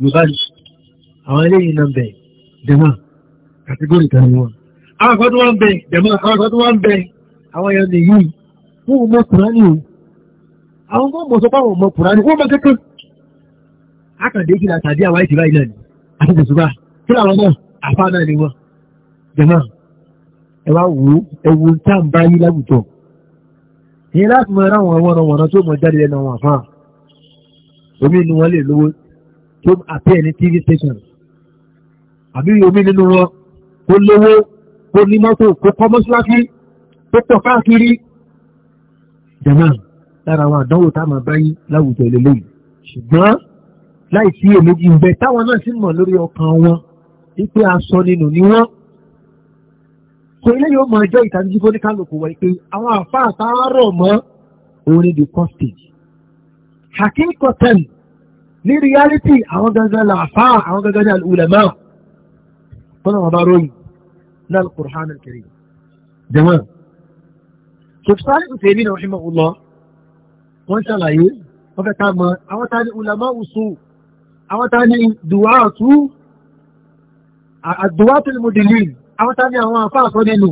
A: yorùbá ni àwọn eléyìí náà bẹ̀ dẹ̀mọ́ kàtígórì kan wọn àwọn kan tó bẹ̀ àwọn kan àwọn kan mọ̀ sọ pé àwọn ọmọ kùránì wọ́n mọ kékeré akàndé kí la tàbí àwọn ìtìlá ilẹ̀ ni àti tẹ̀sùbá kí làwọn náà àfa náà ni wọn jẹ̀mọ́ ẹ wá wò ó ẹ wo tá à ń bá yí láwùjọ ní láti mọ ráwọn ọmọ wọn tó mọ jáde lẹ́nu àwọn àfa omi inú wọn lè lówó tó àpẹ́ ní tv station àbí omi nínú wọn kó lówó kó ní mọ́tò kó kọ́ mọ́ṣáláṣí tó pọ̀ káàkiri jẹ̀mọ́ lára àwọn àdánwò tá a máa báyé láwùjọ lélẹ́yìn ṣùgbọ́n láì sí èméjì ń bẹ táwọn náà sì mọ̀ lórí ọkàn wọn wípé aṣọ nínú ni wọ́n so eléyìí ó máa jẹ́ ìtàníjí fún oníkálukú wọ̀ pé àwọn àfáà tá a rọ̀ mọ́ òun ni the first stage hakikoten ní reality àwọn gangan làáfáà àwọn gangan ní alùlẹ̀mọ́ fún àwọn bá ròyìn náà al-Qur'an jẹ́wọ́n. sọ̀tún sáré ìfẹ́ mi náà wọ́n ṣe mọ́ wọ́n ṣàlàyé wọ́n fẹ́ ká mọ̀ àwọn ta ni ulama usu àwọn ta ni duwatu àdùwátù ni mudilin àwọn ta ni àwọn afá àsọ nínú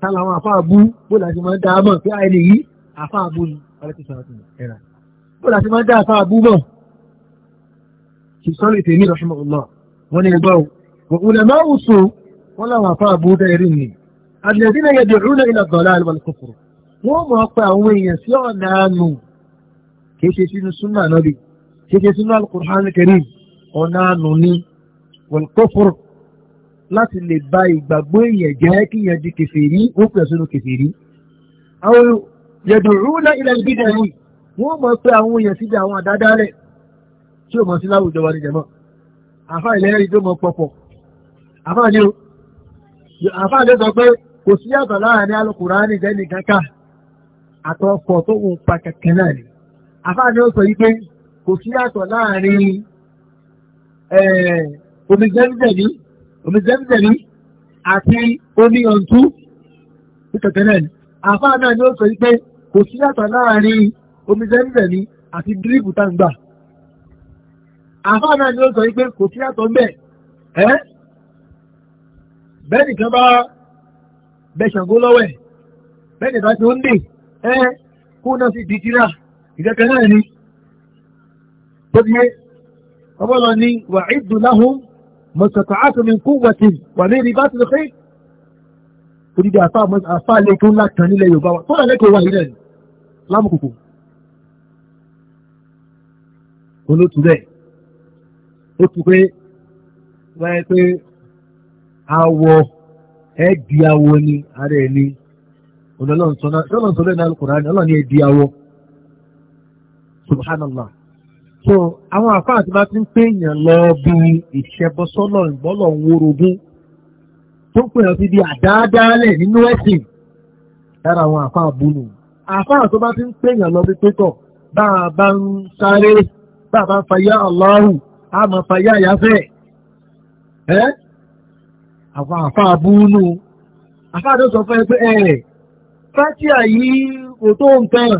A: ta ni àwọn afá abú bó láti máa dá mọ̀ pé àìlè yìí afá abú ni bó láti máa dá afá abú mọ̀ sọ́lẹ̀ tèmi rahimahullah wọ́n ni ẹgbọ́ wọ ulama usu wọ́n láwọn mọ̀ pé àwọn èèyàn sí ọ̀nà àánú kìí ṣe sínú súnà náà bí kìí ṣe sínú alukur'an karim ọ̀nà àánú ni wọ̀lùkọ́fọ̀rọ̀ láti lè ba ìgbàgbọ́ èèyàn jẹ́ kí èèyàn di kèfèrí ó pè sínú kèfèrí. àwọn yẹ̀dùrúnà ilẹ̀ ìbílẹ̀ yìí wọ́n mọ̀ pé àwọn èèyàn síbi àwọn àdáadá rẹ̀ tí ò mọ̀ sí láwùjọ wa ní jẹ̀mọ́. àfa ìlẹ́rìí tó mọ pọ̀pọ̀ àfa ni o àfa ni ó sọ pé kò sí yàtọ̀ láàrin alukurani jẹ́ nìkan ká àtọ̀pọ̀ tó ń pa kẹ̀kẹ́ náà ni àfáàní ó sọ yí pé kò sí yàtọ̀ láàrin omi zẹ́mìzẹ̀mí omi zẹ́mìzẹ̀mí àti omi ọ̀ǹtú nítọ̀tẹ̀ náà ni àfáà náà ni ó sọ yí pé kò sí yàtọ̀ láàrin omi zẹ́mìzẹ̀mí àti dírípù táǹgbà àfáà náà ni ó sọ yí pé kò sí yàtọ̀ mbẹ̀ bẹ́ẹ̀ nìkan bá bẹ Ṣàngó lọ́wọ́ ẹ̀ bẹ́ẹ̀ nìkan ti ń dè kó náà sì di tíra ìkẹ́kẹ́ náà ni tó ti yé ọbọ̀lọ ni wà ìdù láhùn mọ̀sọ̀tọ̀ àtúnmí kú wọ̀tì wà ní ìrìbá tó fẹ́ odidi àfáà lẹ́kọ̀ọ́ ńlá kan nílẹ̀ Yorùbá wa tó rà lẹ́kọ̀ọ́ wà nílẹ̀ ní ọ̀nà ọlọ́run subhanallah so àwọn àfáà tí wọ́n ti ń pèèyàn lọ bí ìṣẹ́bọsọ́nà ìgbọ́lọ̀ ń worogún tó ń pèèyàn sí bí àdáadáalẹ̀ nínú ẹ̀sìn lára àwọn àfáà búnú àfáà tó bá ti ń pèèyàn lọ bí pétọ̀ bá a bá ń sáré bá a bá ń fayá Allahu a máa fayá àyáfẹ́ ẹ́ àwọn àfáà búnú àfáà tó sọ fún ẹ pé ẹ̀ fátíà yìí kò tó nǹkan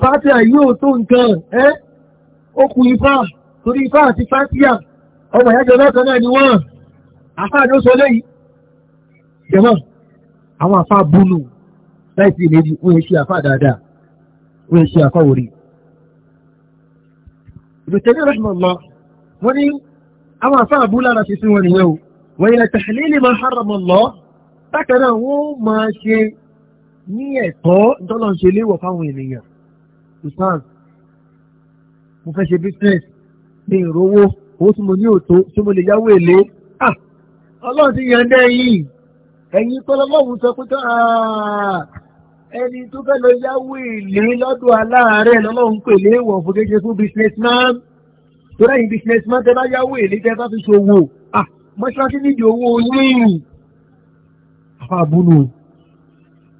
A: fátíà yóò tó nǹkan ẹ́ ó kù ifá torí ifá àti fátíà ọmọ ìyájọ́ lọ́kàn náà ni wọ́n àfáà ni ó sọ léyìí jẹ̀mọ́ àwọn àfáà búnú láìsí ìlérí wọ́n ṣe àfáà dáadáa wọ́n ṣe àfáà òrì ìbùtẹ́lẹ̀ rẹ̀ mọ̀ wọ́n ní àwọn àfáà bú lára ṣe sí wọn nìyẹn o wọ́n yẹ tẹ̀lé ní ẹ̀tọ́ ìtọ́lọ́ fáwọn ènìyàn ìsáàz mo fẹ́ ṣe business ní ìrówó owó tí mo ní òtó tí mo lè yáwó èlé ah! ọlọ́run ti yàn dẹ́ yìí ẹ̀yin tọ́lọ́mọ́hún sọ pé ah, ẹni tó fẹ́ lọ yáwó èlé lọ́dọ̀ aláàárẹ̀ lọ́lọ́run pè lé wọ̀ fún kéṣe fún business man tó rẹ̀yìn business man tẹ́ bá yáwó èlé tẹ́ bá fi ṣòwò ah, mọ́ṣáláṣí nídìí owó yìí àfa àbúnú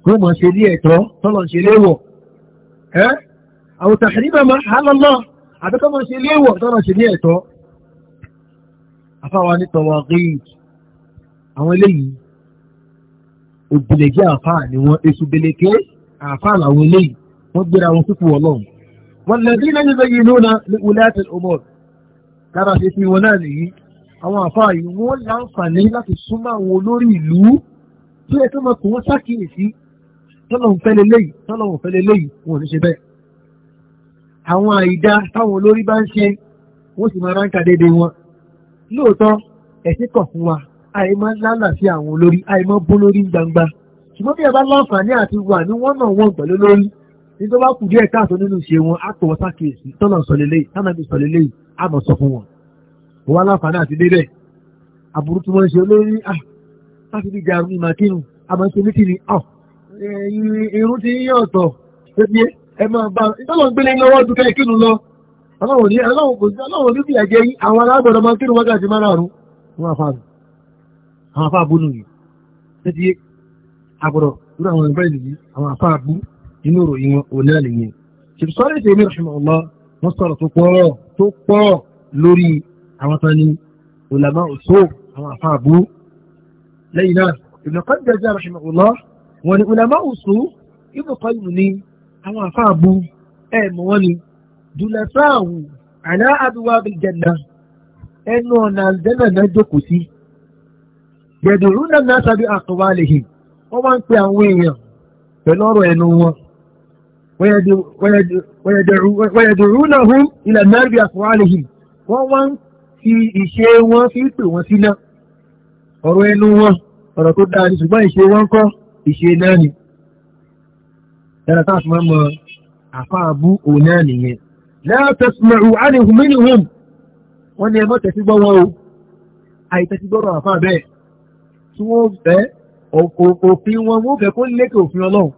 A: kó mọ̀ ṣe ní ẹ̀tọ́ tọ́lọ̀ ṣe léwọ̀ ẹ́ àwọn tàhírìmà máa hálọ́lọ́ àbíkọ́ máa ṣe léèwọ̀ tọ́nà ṣe ní ẹ̀tọ́ afáwa ní tọwọ́ gíìd àwọn eléyìí òbílẹ̀jẹ́ àfáà ni wọ́n èṣù bèlèké àfáà làwọn eléyìí wọ́n gbéra wọn sípò ọlọ́run wọn lẹ́bí lẹ́yìn bẹ́yì lónà ní ulẹ́tẹ̀ ọmọd lára ṣe fi wọn náà nìyí àwọn àfáà yìí wọ́n láǹfààní láti súnmọ́ àwọn olórí ìlú tó yẹ kí wọ́n sákìyèsí tọ́lọ̀ àwọn àìdá táwọn olórí bá ń ṣe wọ́n sì máa ránkà dédé wọn lóòótọ́ ẹ̀sìn kọ̀ fún wa àì máa lálàáfíà àwọn olórí àì máa bó lórí gbangba ṣùgbọ́n bí ẹ bá láǹfààní àti wà ní wọ́n náà wọ́n pẹ̀lú lórí ní tó bá kù díẹ̀ káàtó nínú ìṣe wọn á tọ̀wọ́ sákèésì tọ́nà sọ̀lélẹ̀ tánàbí sọ̀lélẹ̀ àmọ̀ sọ fún wọn kò wá láǹfààní àti débẹ̀ àbúrú tí wọ́n ń ṣe olórí à láti fi jà ní màkínú àmọ́ ṣe mítìrì ọ̀ irun ti yíyàn ọ̀tọ̀ ṣé bí ẹ máa bá ìtọ́lọ̀ ń gbélé lọ́wọ́ dúkẹ́ ìkínú lọ ọlọ́run ní ọlọ́run kò sí ọlọ́run ní fìyà jẹ yín àwọn alágbọ̀dọ̀ máa ń kírun wákàtí máa rárun wọn àfa nù àwọn àfa abú nù yìí ṣé ti àgbọ̀dọ̀ nínú àwọn ẹgbẹ́ ìlú yìí àwọn àfa abú inú ìròyìn wọn òun náà nìyẹn ṣètò sọ́ọ́rẹ́ ìṣe mi rọ̀ṣùmọ̀ ọ̀lá wọ́n sọ̀rọ̀ tó pọ̀ lórí àwọn tán ní ulama òṣó àwọn àfa lẹ́yìn náà ìbùnà kan jẹ́ jẹ́ rọ̀ṣùmọ̀ ọ̀lá ni ulama òṣó ìbùkọ́ ìmù ni àwọn àfáà bu ẹ̀ mọ̀ wọ́n ni dùlẹ̀sáàwù àlá àdúwà bí jẹ̀nà ẹnu ọ̀nà àlùjẹ́nà náà jókòó sí gbẹ̀dùrú náà náà sábẹ́ àkọwà lèhì wọ́n máa ń pe àwọn èèyàn pẹ̀lú ọ̀rọ̀ ẹnu wọn wọ́yẹ̀dùrú náà hù ilẹ̀ náà bí àkọwà lèhì wọ́n wá ń fi ìṣe wọn fi pè wọ́n síná ọ̀rọ̀ ẹnu wọn ọ̀rọ̀ tó dáa ní ṣùgbọ́n ìṣe wọn kọ́ ìṣe ẹ̀rọ táà fún ọmọ àfáàbú òun náà nìyẹn lẹ́ẹ̀tẹ̀sùmẹ̀rù ánìhùn mínìhùn wọ́n ní ẹmọ́ tẹ̀sígbọ́ wọn o àìtẹ̀sígbọ́rọ̀ àfáà bẹ́ẹ̀ tí wọ́n fẹ́ òfin wọn wọ́n fẹ́ kó lékè òfin ọlọ́run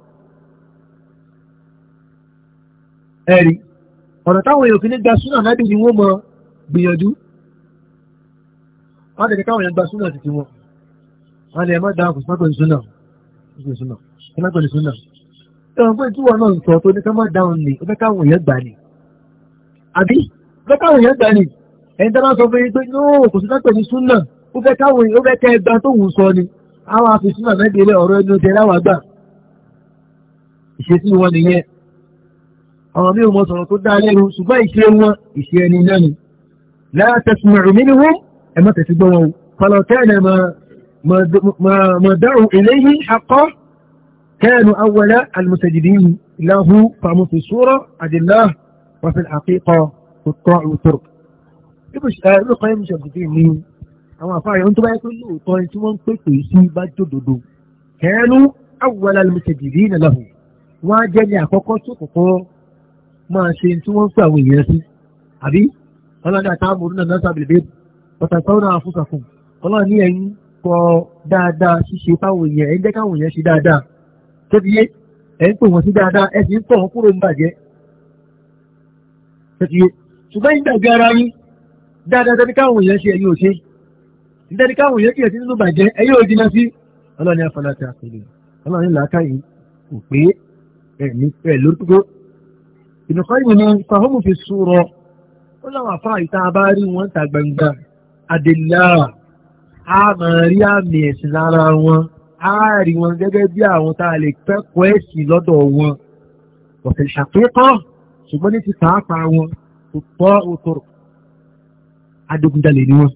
A: ẹ̀rí ọ̀nà táwọn èèyàn fi ní gba súnà nábì ni wọ́n mọ gbìyànjú wọ́n tẹ̀lé káwọn èèyàn gba súnà títí wọn wọ́n ní ẹmọ́ dáhùn ẹ̀wọ̀n pé tíwọ̀ náà sọ tó ní ká má dáhùn ní ọjọ́ káwọn èèyàn gbà ní àbí ọjọ́ káwọn èèyàn gbà ní ẹni tá bá sọ fún yín pé yóò kò sí lápẹ̀ ní súnà ó fẹ́ káwọn ó fẹ́ kẹ́ ẹgbà tó wù sọ ni àwọn afẹ́súnà mẹ́bí ilé ọ̀rọ̀ ẹni oṣù ẹláwà gbà ìṣesí wọn nìyẹn àwọn mi ò mọ sọ̀rọ̀ tó dáa lẹ́nu ṣùgbọ́n ìṣe wọn ìṣe كانوا أول المسجدين له فهم في الصورة الله وفي الحقيقة الطاع والترك ابن القيم شمسدين مين àwọn àfáàyàn tó bá yẹ pé lóòótọ́ ẹni tí wọ́n ń pèpè sí bá jòdòdò kẹ́ẹ́nú awwala al-mustajibina lahu wọ́n á jẹ́ ní àkọ́kọ́ tó kọ́kọ́ máa ṣe tí wọ́n ń pè àwọn èèyàn sí àbí ọlọ́ni àtàmúrú náà náà sàbẹ̀lẹ̀ ọ̀tà sáwọn àfúsàfún ọlọ́ni ẹ̀yìn kọ dáadáa ṣíṣe fáwọn èèyàn ẹ̀ ń jẹ́ káwọn èèyàn ṣe dáadáa tó ti yé ẹ̀ ń pè wọ́n sí dáadáa ẹ̀ sì ń pọ̀ wọ́n kúrò ń bàjẹ́ tó ti yé ṣùgbọ́n ìgbàgbé ara yín dáadáa tẹ́ni káwọn èèyàn ṣe ẹ̀yìn òṣè tẹ́ni káwọn èèyàn kìí ẹ̀sìn nínú bàjẹ́ ẹ̀yìn òjì náà sí ọlọ́ni afọláta àpèlè ọlọ́ni làákàyè kò pé ẹ̀mí ẹ̀ lórúkọ ìnùkọ́ ìwé ni fahomu fi sùrọ̀ ó láwọn afá ìta abárí wọn ta gbangba adèlà àmàrí àmì ẹ̀sìn lára wọn á rí wọn gẹ́gẹ́ bí àwọn tá a lè kẹ́kọ̀ọ́ ẹ̀sìn lọ́dọ̀ wọn ọ̀sẹ̀ ìṣàtúnkọ́ ṣùgbọ́n ní ti pàápàá wọn kò tọ́ òtòrò adigunjalè ni wọn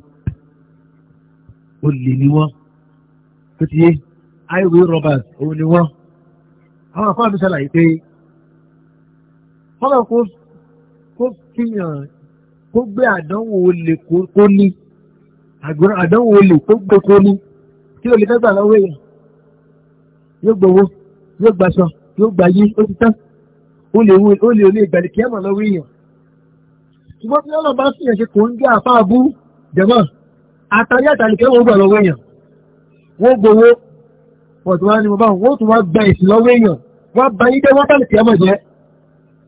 A: olè ni wọn tó ti yé highway robbers òun ni wọn àwọn àfáà mi ṣàlàyé pé kọ́lọ̀ kó fihàn kó gbé àdánwò olè kó ní àdánwò olè kó gbé kó ní kí olè fẹ́ gbà lọ́wọ́ èèyàn yóò gbowó yóò gbaṣọ yóò gbayé ó ti tán ó lè wú ó lè olè ìgbàlè kí ẹ mọ̀ lọ́wọ́ èèyàn. ṣùgbọ́n tí ọlọ́ba sì yàn ṣe kò ń gé àfa abú jẹ̀mọ́ àtàrí àtàlìkẹ́ wọn gbà lọ́wọ́ èèyàn wọ́n gbowó pọ̀tù wá ní mo bá wọ́n tún wá gba ìsìn lọ́wọ́ èèyàn wọ́n bá yín dé wọ́n bàlìkẹ́ mọ̀ jẹ́.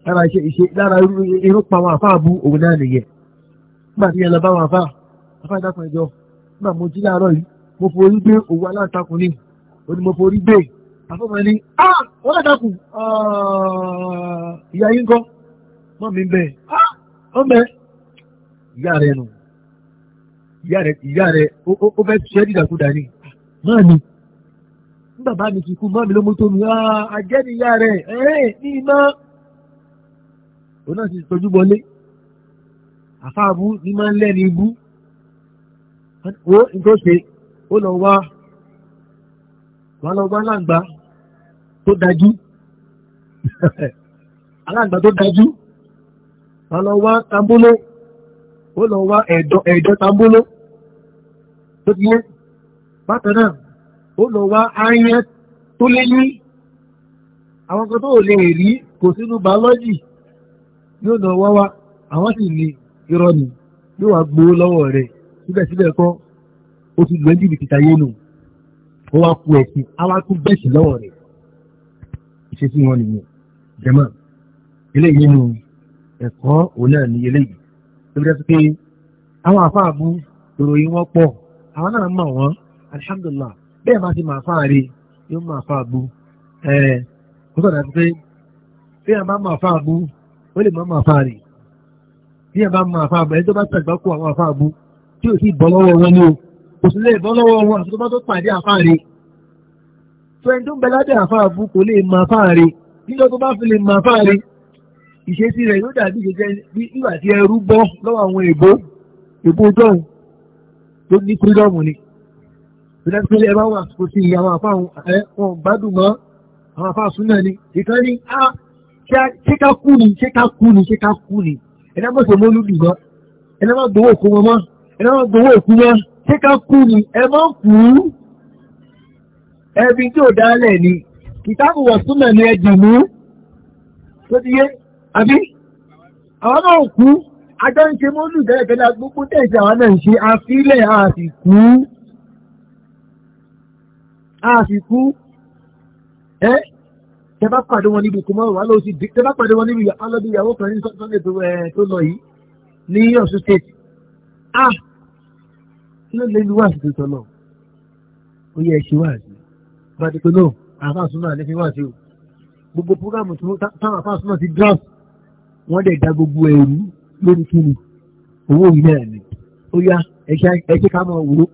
A: lára ìṣe ìṣe lára irú pa àwọn àfa abú òun náà nìyẹn. nígbà tí yẹn lọ bá àwọn àfa àfa ìdákan ìjọ nígbà mo jí láàárọ̀ yìí mo forí gbé òwú aláǹtakùn òní mo forí gbé àfọ́mọ́ ní ah wọ́n lè dákun ìyá yín kọ́ mọ́ mi bẹ́ẹ̀ ah ó mẹ́ ìyá rẹ̀ nù ìyá rẹ̀ ó fẹ́ ṣẹ́ dídàkudà ni máa ní ní bàbá mi ti kú mọ́ mi ló mú tó mi ah àjẹ́ ni ìyá rẹ̀ ẹ̀ẹ́ ní iná òun náà ti tọ́jú bọlé àfáàbù ní máa ń lẹ́ni ibú ó nǹkan ṣe ó lọ wá wà lọ bá láǹgbá tó dájú aláǹgbá tó dájú wọ́n lọ wá tambolo ó lọ wá tambolo tó ti yé bákan náà ó lọ wá ayẹn tó lé ní àwọn kan tó lè rí kò sínú bàọ́lọ́jì yóò lọ wá wá àwọn sì ní irọ́ ni yóò wá gbowó lọ́wọ́ rẹ̀ síbẹ̀síbẹ̀ kọ́ ó ti lọ ní jìbìtì tayé nù ó wá ku ẹ̀sìn á wá tún bẹ̀sì lọ́wọ́ rẹ̀ ìṣesí wọn nìyẹn jẹ́mọ́ eléyìí nínú ẹ̀kọ́ òun náà ní eléyìí tó bí dájú pé àwọn àfáàbù ìròyìn wọn pọ̀ àwọn náà mọ̀ wọ́n alihamudulilá bẹ́ẹ̀ bá ti máa fáàrí yóò máa fáàbù ẹ̀ kó sọ̀dà pé bí a bá máa fáàbù ó lè má máa fáàrí bí a bá máa fáàbù ẹni tó bá tàgbà kó àwọn àfáàbù tí ò sì bọ́ lọ́wọ́ wọn ni o kò sì lè bọ́ lọ́wọ́ wọn àti tó bá tó pàdé àfáàrí fẹ́ni tó ń bẹ lábẹ́ àfáàbù kò lè mọ afáàrí nígbà tó bá fi lè mọ afáàrí ìṣesí rẹ̀ yóò dàbí ìṣesí bí ìgbà tí ẹrú bọ́ lọ́wọ́ àwọn èbó èbó dọ́hùn tó ní fírídọ́ọ̀mù ni ìdájọ́ ẹ bá wà kò sí àwọn àfáàhùn ẹ wọn gbádùn mọ́ àwọn àfáàsùn náà ni ìkan ní á ah, ṣé ká kú ni ṣé ká kú ni ṣé ká kú ni ẹ̀dá mọ̀ sí mọ́lúdì mọ́ ẹ̀dá mọ̀ gbowó òkú mọ́ ẹ̀dá mọ̀ gbowó òkú mọ́ ṣé ká kú ni ẹ mọ̀ kú ẹbí tí ò dálẹ̀ ni kìtàbù wọ̀ súnmọ̀ ní ẹjì mú tó ti yé àbí àwọn náà kú ajọ́ ń ṣe mọ́lù tẹ́lẹ̀ tẹ́lẹ̀ gbogbo tẹ̀sí àwọn náà ń ṣe àfilẹ̀ àsìkú àsìkú ẹ́ tẹ́bá pàdé wọn níbi kùmọ́ wà lóòsì tẹ́bá pàdé wọn níbi alọ́bí ìyàwó kan ní sọ́ńdẹ̀ tó lọ yìí ní Ọ̀ṣun state ah kí ló lé ní wáàsì tó sọ náà ó yẹ ẹ ṣe wáàsì bàtí pé náà àfáàsùn náà lè fi wá sí o gbogbo programu táwọn àfáàsùn ti draft wọ́n dẹ̀ da gbogbo ẹ̀rú lórí kíni owó yìí náà ni ó yá ẹ̀ṣẹ́ ká máa wúrò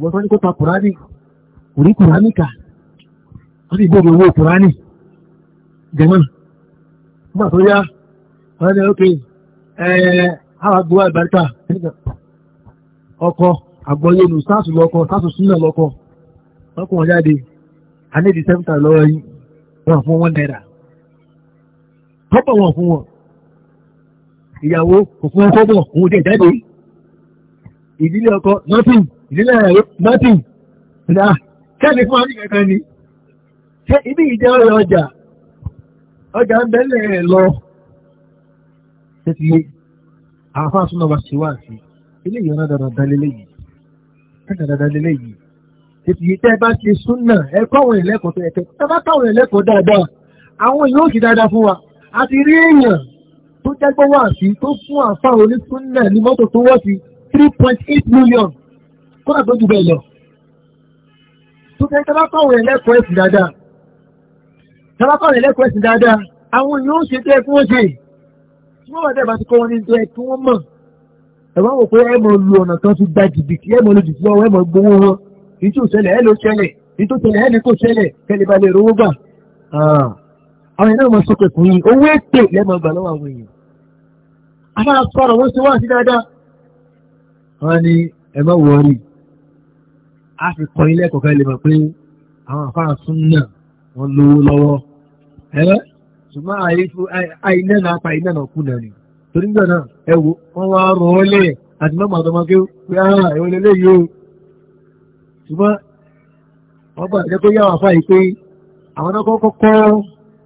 A: wọ́n tó ní kópa kùránì orí kùránì kà wọ́n sì gbọ́dọ̀ owó kùránì jẹ̀mọ́ nígbà tó yá wọ́n ní ok àwọn ọkọ̀ sáàsù wọ́n kò wọ́n jáde a ní dìsẹ́mítà lọ́wọ́ yín wọ́n fún wọn náírà kọ́bọ̀ wọn fún wọn ìyàwó kò fún wọn kọ́bọ̀ òun dẹ̀ jáde ìdílé ọkọ nothing ìdílé ẹ̀rọ nothing ṣe káàdì fún àwọn ìkẹ̀kẹ́ ni ṣé ibi ìjẹ́ ọ̀rẹ́ ọjà ọjà ń bẹ́lẹ̀ rẹ̀ lọ ṣe ti yé àáfàá súnmọ́ wa ṣe wá sí ilé ìyọ̀nà dandan lélẹ́yìí tètè yìí tẹ́ bá ṣe súnà ẹ kọ́wọn ẹlẹ́kọ̀ọ́ tó ẹ̀kẹ́ tẹ́ bá káwọn ẹlẹ́kọ̀ọ́ dáadáa àwọn yóò sì dáadáa fún wa a ti rí èèyàn tó jágbọ́ wá sí tó fún àfa onísúnà ní mọ́tò tó wọ́ sí three point eight million kódà tó ju bẹ́ẹ̀ lọ tó fẹ́ tẹ́ bá káwọn ẹlẹ́kọ̀ọ́ ẹ̀sìn dáadáa tẹ́ bá káwọn ẹlẹ́kọ̀ọ́ ẹ̀sìn dáadáa àwọn yóò ṣe tẹ́ fún ọ̀ṣẹ́ tí wọ́n bá dẹ̀ bá ti kọ́ wọn ní ìtọ́ ẹ̀ kí wọ́n mọ̀ ẹ̀wọ́n wò pé ẹ̀ mọ̀ lu wọn ìtú ṣẹlẹ̀ ẹ̀ ló ṣẹlẹ̀ ìtú ṣẹlẹ̀ ẹ̀ ní kò ṣẹlẹ̀ kẹ́lẹ̀ bá lè rówó gbà. Ah. àwọn fún owó lẹ́mọ̀ gbà lọ́wọ́ àwọn èèyàn. sọ̀rọ̀ wọ́n ṣe wá sí dáadáa. wọ́n ní ẹ má a fi kọ́ ilé ẹ̀kọ́ kan lè mọ̀ pé àwọn afárá sún náà wọ́n lówó lọ́wọ́. ṣùgbọ́n àìná ṣùgbọ́n wọ́n gbà jẹ́ kó yáwà fáyìí pé àwọn náà kọ́kọ́ kọ́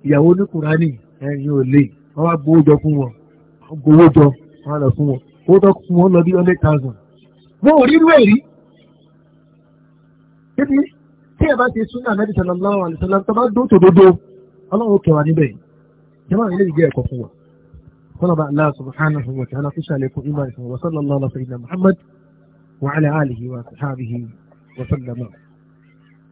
A: ìyàwó ní kùránì ẹ̀yìn ò lè wọ́n wá gbowó jọ fún wọn gbowó jọ wọ́n lọ fún wọn owó tó fún wọn lọ bí hundred thousand mo ò rí irú ẹ̀ rí títí tí ẹ bá ti sún náà nẹ́bí sallallahu alaihi wasallam tó bá dún tòdodo ọlọ́run òkè níbẹ̀ jẹ́mọ́ ilé ìgbé ẹ̀kọ́ fún wa kọ́nàbà Allah subhanahu wa ta'ala fi ṣàlékún ìmọ̀ ìfọ̀wọ́sọ́lọ́lọ́ lọ́sọ̀ ìlà Muhammad وسلم